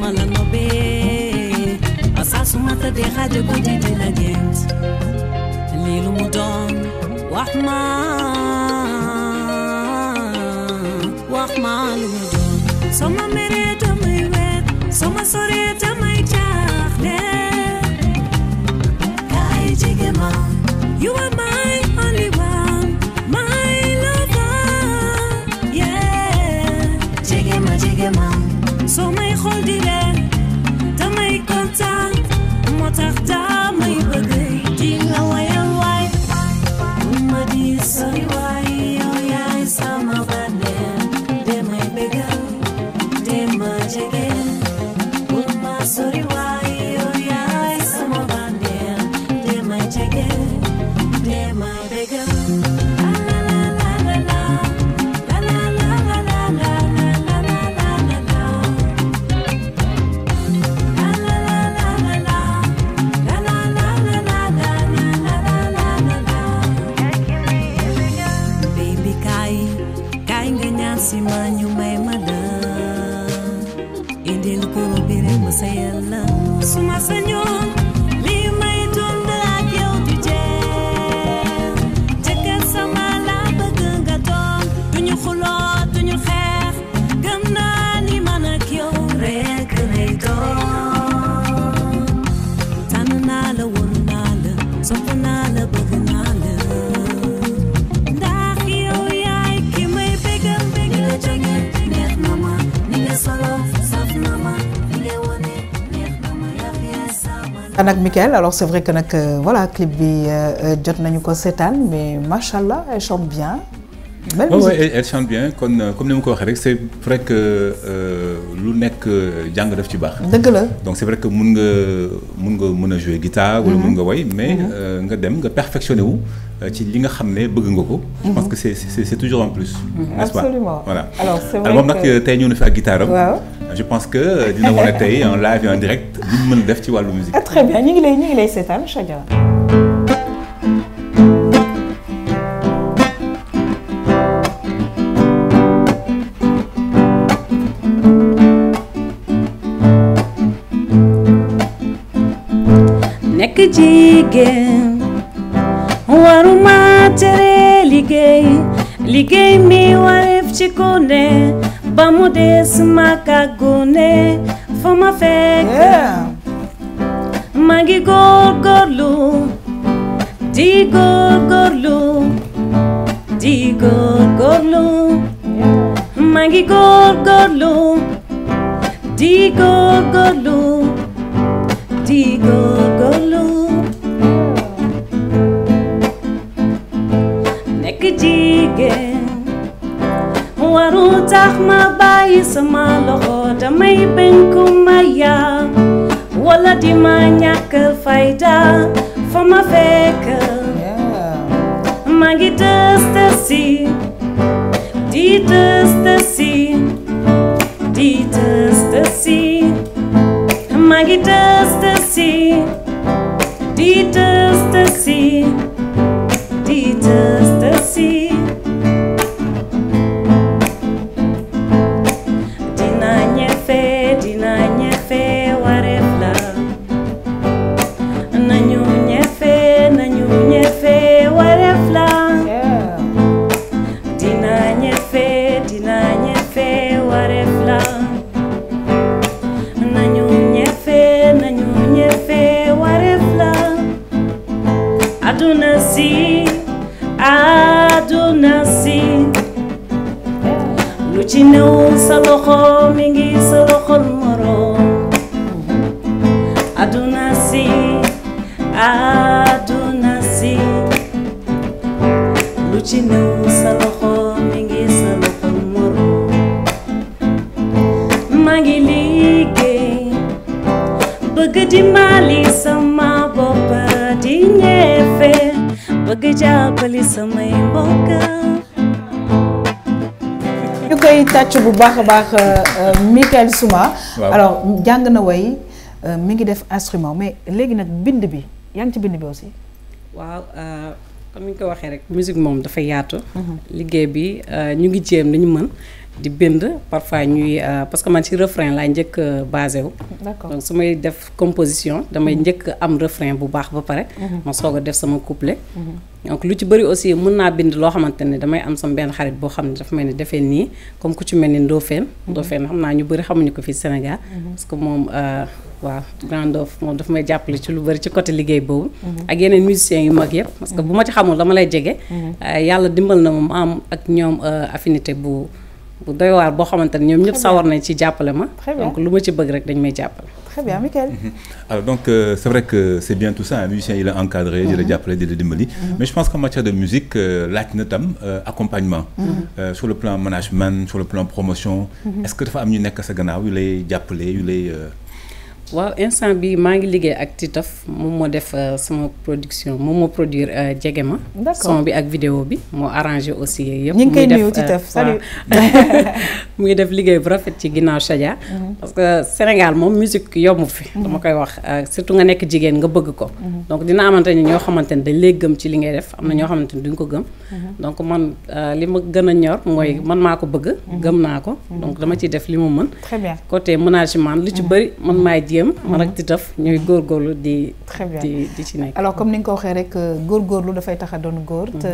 malano be asasumata de radio gudi de la lilu mudon wahma wahma soma mere wet soma sore kai jigema you are Anak ak Michael alors c'est vrai que nag euh, voilà clip bi euh, euh, jot nañu ko sétane mais machallah elle chante bien. belle elle chante bien Comme comme ni ma ko rek c'est vrai que lu nek jang def ci bax. la donc c'est vrai que mun nga mun nga mën jouer guitare. wala mun mhm. nga woy mais mhm. nga dem nga perfectionné wu. ci li nga xamné ne bëgg nga ko. je pense mhm. que c'est c'est toujours en plus. n'est-ce pas voilà alors c'est vrai que moom nag tey na fi ak guitare je pense que euh, nous wane tey un live et un direct lu monde de la ci musique. Ah, très bien ñu ngi lay ñu ngi lay seetaan Chadia. nekk waru waruma tere liggéey liggéey mi wareef ci ku ne. Vamos desmacagone foma feka yeah. Magi gorgorlu Di gorgorlu Di gorgorlu Magi gorgorlu Di gorgorlu Walang mabay sa malood May ben kumaya Wala di manyakal fayda From a the sea Ditas the sea Ditas the sea tàcc bu baax a baax euh, euh, Michael Souma. alors jàng na way euh, mi ngi def instrument mais léegi nag bind bi yaa ngi ci bind bi aussi. waaw comme ni ñu ko waxee rek musique moom dafa yaatu. Mhm. liggéey bi ñu ngi jéem dañu mën. di bind parfois ñuy euh, parce que man ci refrain laa njëkk euh, basé wu donc su may def composition damay mhm. njëkk am refrain bu baax ba pare mhm. ma soog a def sama couplet mhm. donc lu ci bëri aussi mën naa bind loo xamante ne damay am sama benn xarit boo xam ne dafa mel ni defee nii comme ku ci mel ni Ndofène Ndofène xam naa ñu bëri xamuñu ko fi Sénégal parce que moom euh, waaw Grand Yoff moom dafa may jàppale ci lu bëri ci côté liggéey boobu. ak yeneen musiciens yu mag yëpp. parce que bu ma ci xamul dama lay jege. yàlla dimbal na ma am ak ñoom affinité bu bu doy waar boo xamante ne ñoom ñëpp sawar nañ ci jàppale ma. donc lu ma ci bëgg rek dañ may jàppale. très bien Michael. Mhm. alors donc euh, c' est vrai que c' est bien tout ça un musicien il la encadré. di la mhm. jàppale di la dimbali. Mhm. mais je pense que en matière de musique euh, laaj na tam euh, accompagnement. Mm -hmm. euh, sur le plan management sur le plan promotion. Mm -hmm. est ce que dafa am ñu nekk sa gannaaw yu lay jàppale yu lay. Euh, waaw instant bi maa ngi liggéey ak titof moom moo def euh, sama production moom moo produire euh, jege ma. son bi ak vidéo bi moo arrangé aussi. yëpp ñu ngi koy nuyu euh, Titaf salut [laughs] mu ngi def liggéey bu rafet ci ginnaaw Chadia. Mhm. parce que Sénégal moom musique yomb fi. Mhm. dama koy wax surtout nga nekk jigéen nga bëgg ko. Mhm. donc dina amante ne ñoo xamante ne dañ lay gëm ci li ngay def am na ñoo xamante ne duñ ko gëm. donc man li ma gën a ñor mooy man maa ko bëgg. gëm naa ko donc dama ciy def li mu mën. très bien côté management li ci bëri man maay Mhm. man alors comme ni nga ko waxee rek euh, góorgóorlu dafay a doon góor. te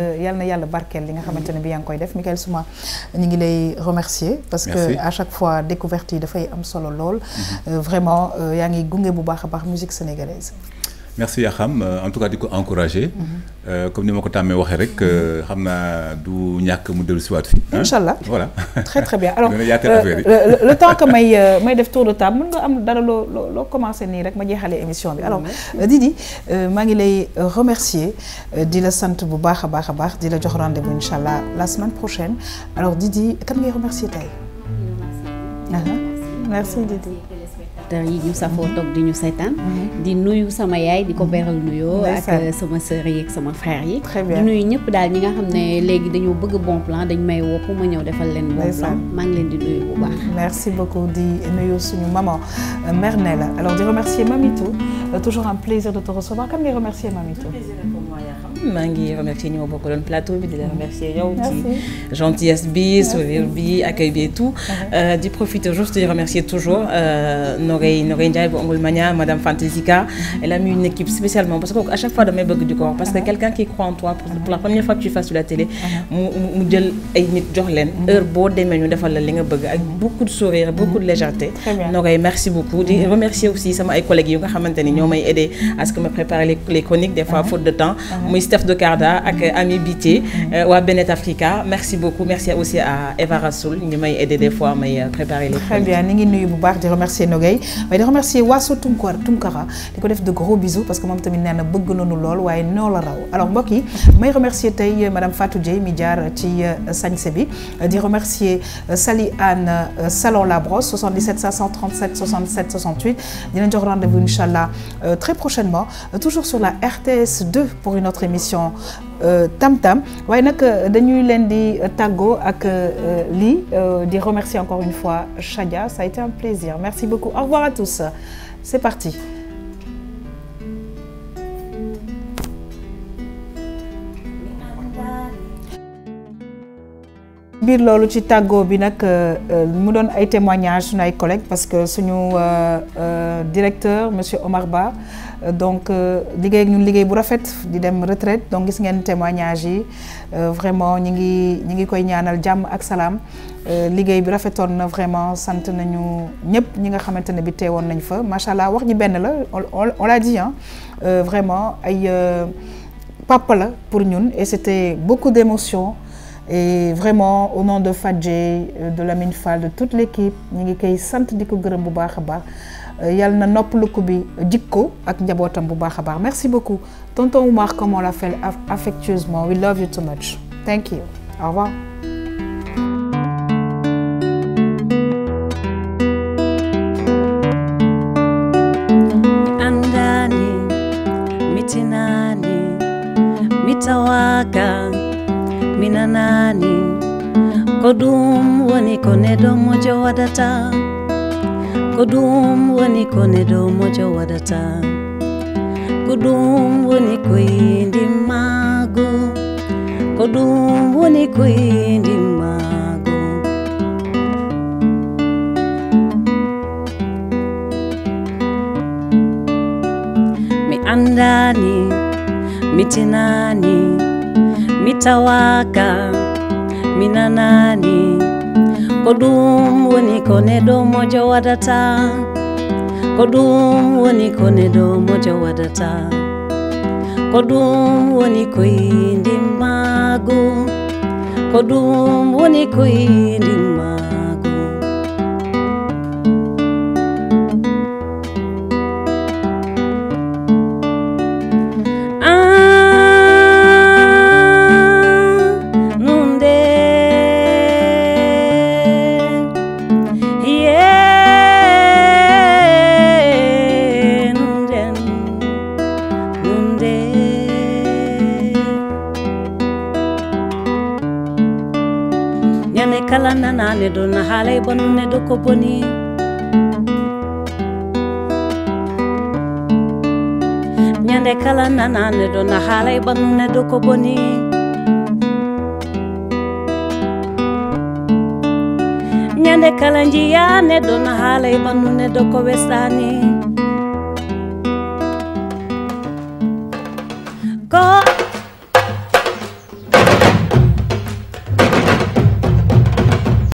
Michael Souma ngi remercier. parce que à chaque fois découverte de dafay am solo mhm. euh, vraiment euh, yaa bu musique sénégalaise merci Yaham. Euh, en tout cas di ko encouragé. Mhm. Euh, comme ni ma ko tàmmee waxee rek euh, mhm. xam naa du ñàkk mu dellu si waat fi. Hein? incha voilà très très bien alors [laughs] le temps que may may def tour de table nous nga am dara commencé nii rek ma émission bi alors Didi maa ngi lay remercier Dila la sant bu baax a baax a la jox rendez-vous la semaine prochaine alors Didi kan ngay remercier tey. merci Didi te ñu safoo toog di ñu seetaan. Mhm. di nuyu sama yaay di ko beral nuyo ak euh, sama sœur yi ak sama frère yi. di nuyu ñëpp daal ñi nga xam ne léegi dañoo bëgg bon plan dañ may woo pour ma ñëw defal leen. bon plan maa ngi leen di nuyu bu baax. merci beaucoup di nuyu suñu maman euh, Mère Nella alors di remercier Mamitou euh, toujours un plaisir de te recevoir comme di remercier Mamitou maa remercier ñu ma plateau bi di la remercier yow ci gentillesse bi sourire bi accueil bi et tout mhm. euh, di profiter juste di remercier toujours euh, Norey Norey Ndiaye bu ngul madame Fantasika mhm. elle a mis une équipe spécialement parce que à chaque fois je mes di du corps. parce que mhm. quelqu'un qui croit en toi pour la première fois que tu fais sur la télé mu mu jël ay nit jox len heure la li nga ak beaucoup de sourire beaucoup de légèreté Norey, merci beaucoup di remercier aussi sama ay collègues yu nga xamanteni ñomay aider à ce que me préparer les chroniques des fois faute de temps de Dokarda ak Ami Bité à euh, Benet Africa merci beaucoup merci aussi à Eva Rassoul qui m'a aidé des fois à euh, préparer les très bien ni ngi nuyu bu baax di remercier Nogay Je di remercier Tunkara di de gros bisous parce que moom tamit nee na bëgg noonu lool la raw alors mbokk yi may remercier euh, madame Fatou Dieye mi ci di Sali Anne Salon La 77 537 67 68 nous jox rendez-vous Inch'Allah, très prochainement toujours sur la RTS 2 pour une autre émission émission euh, Tam Tam waaye nag euh, dañuy leen di euh, tàggoo ak lii di remercier encore une fois Chadia ça a été un plaisir merci beaucoup au revoir à tous c'est parti biir lolou ci tago, bi nak mu doon ay témoignages suñu ay collègues parce que suñu directeur monsieur Omar Ba donc euh, liguey ak ñun liguey bu rafet di dem retraite donc gis ngeen témoignage yi euh, vraiment ñi ngi ñi ngi koy ñaanal jàmm ak salaam euh, liggéey bi rafetoon na vraiment sant nañu ñëpp ñi nga xamante ne bi teewoon nañ fa macha allah wax ñi benn la on l'a dit hein, vraiment ay papa la pour ñun et c'était beaucoup d'émotions et vraiment au nom de Fadjé de Lamine Fall de toute l'équipe ñi ngi koy sant di ko gërëm bu baax a baax. Euh, yal na noppaliku bi jikko ak njabootam bu baax a baax merci beaucoup tonton Oumar comme on l'appelle affectueusement we love you too much thank you au revoir. Andani mitinani mitawaka minanani kodum woni konedo moja wadata Kudum wani kone do mojo wadata Kudum wani kuindi mago Kudum wani kuindi mago Mi andani mitinani mitawaka minanani Kodum woni kone do mojo wadata Kodum woni kone do mojo wadata Kodum woni koindi magu Kodum woni koindi magu ne do na halay banu ne do ko boni nyande kala nana ne do na halay banu ne do ko boni nyande kala njiya ne do na halay banu ne do ko wesani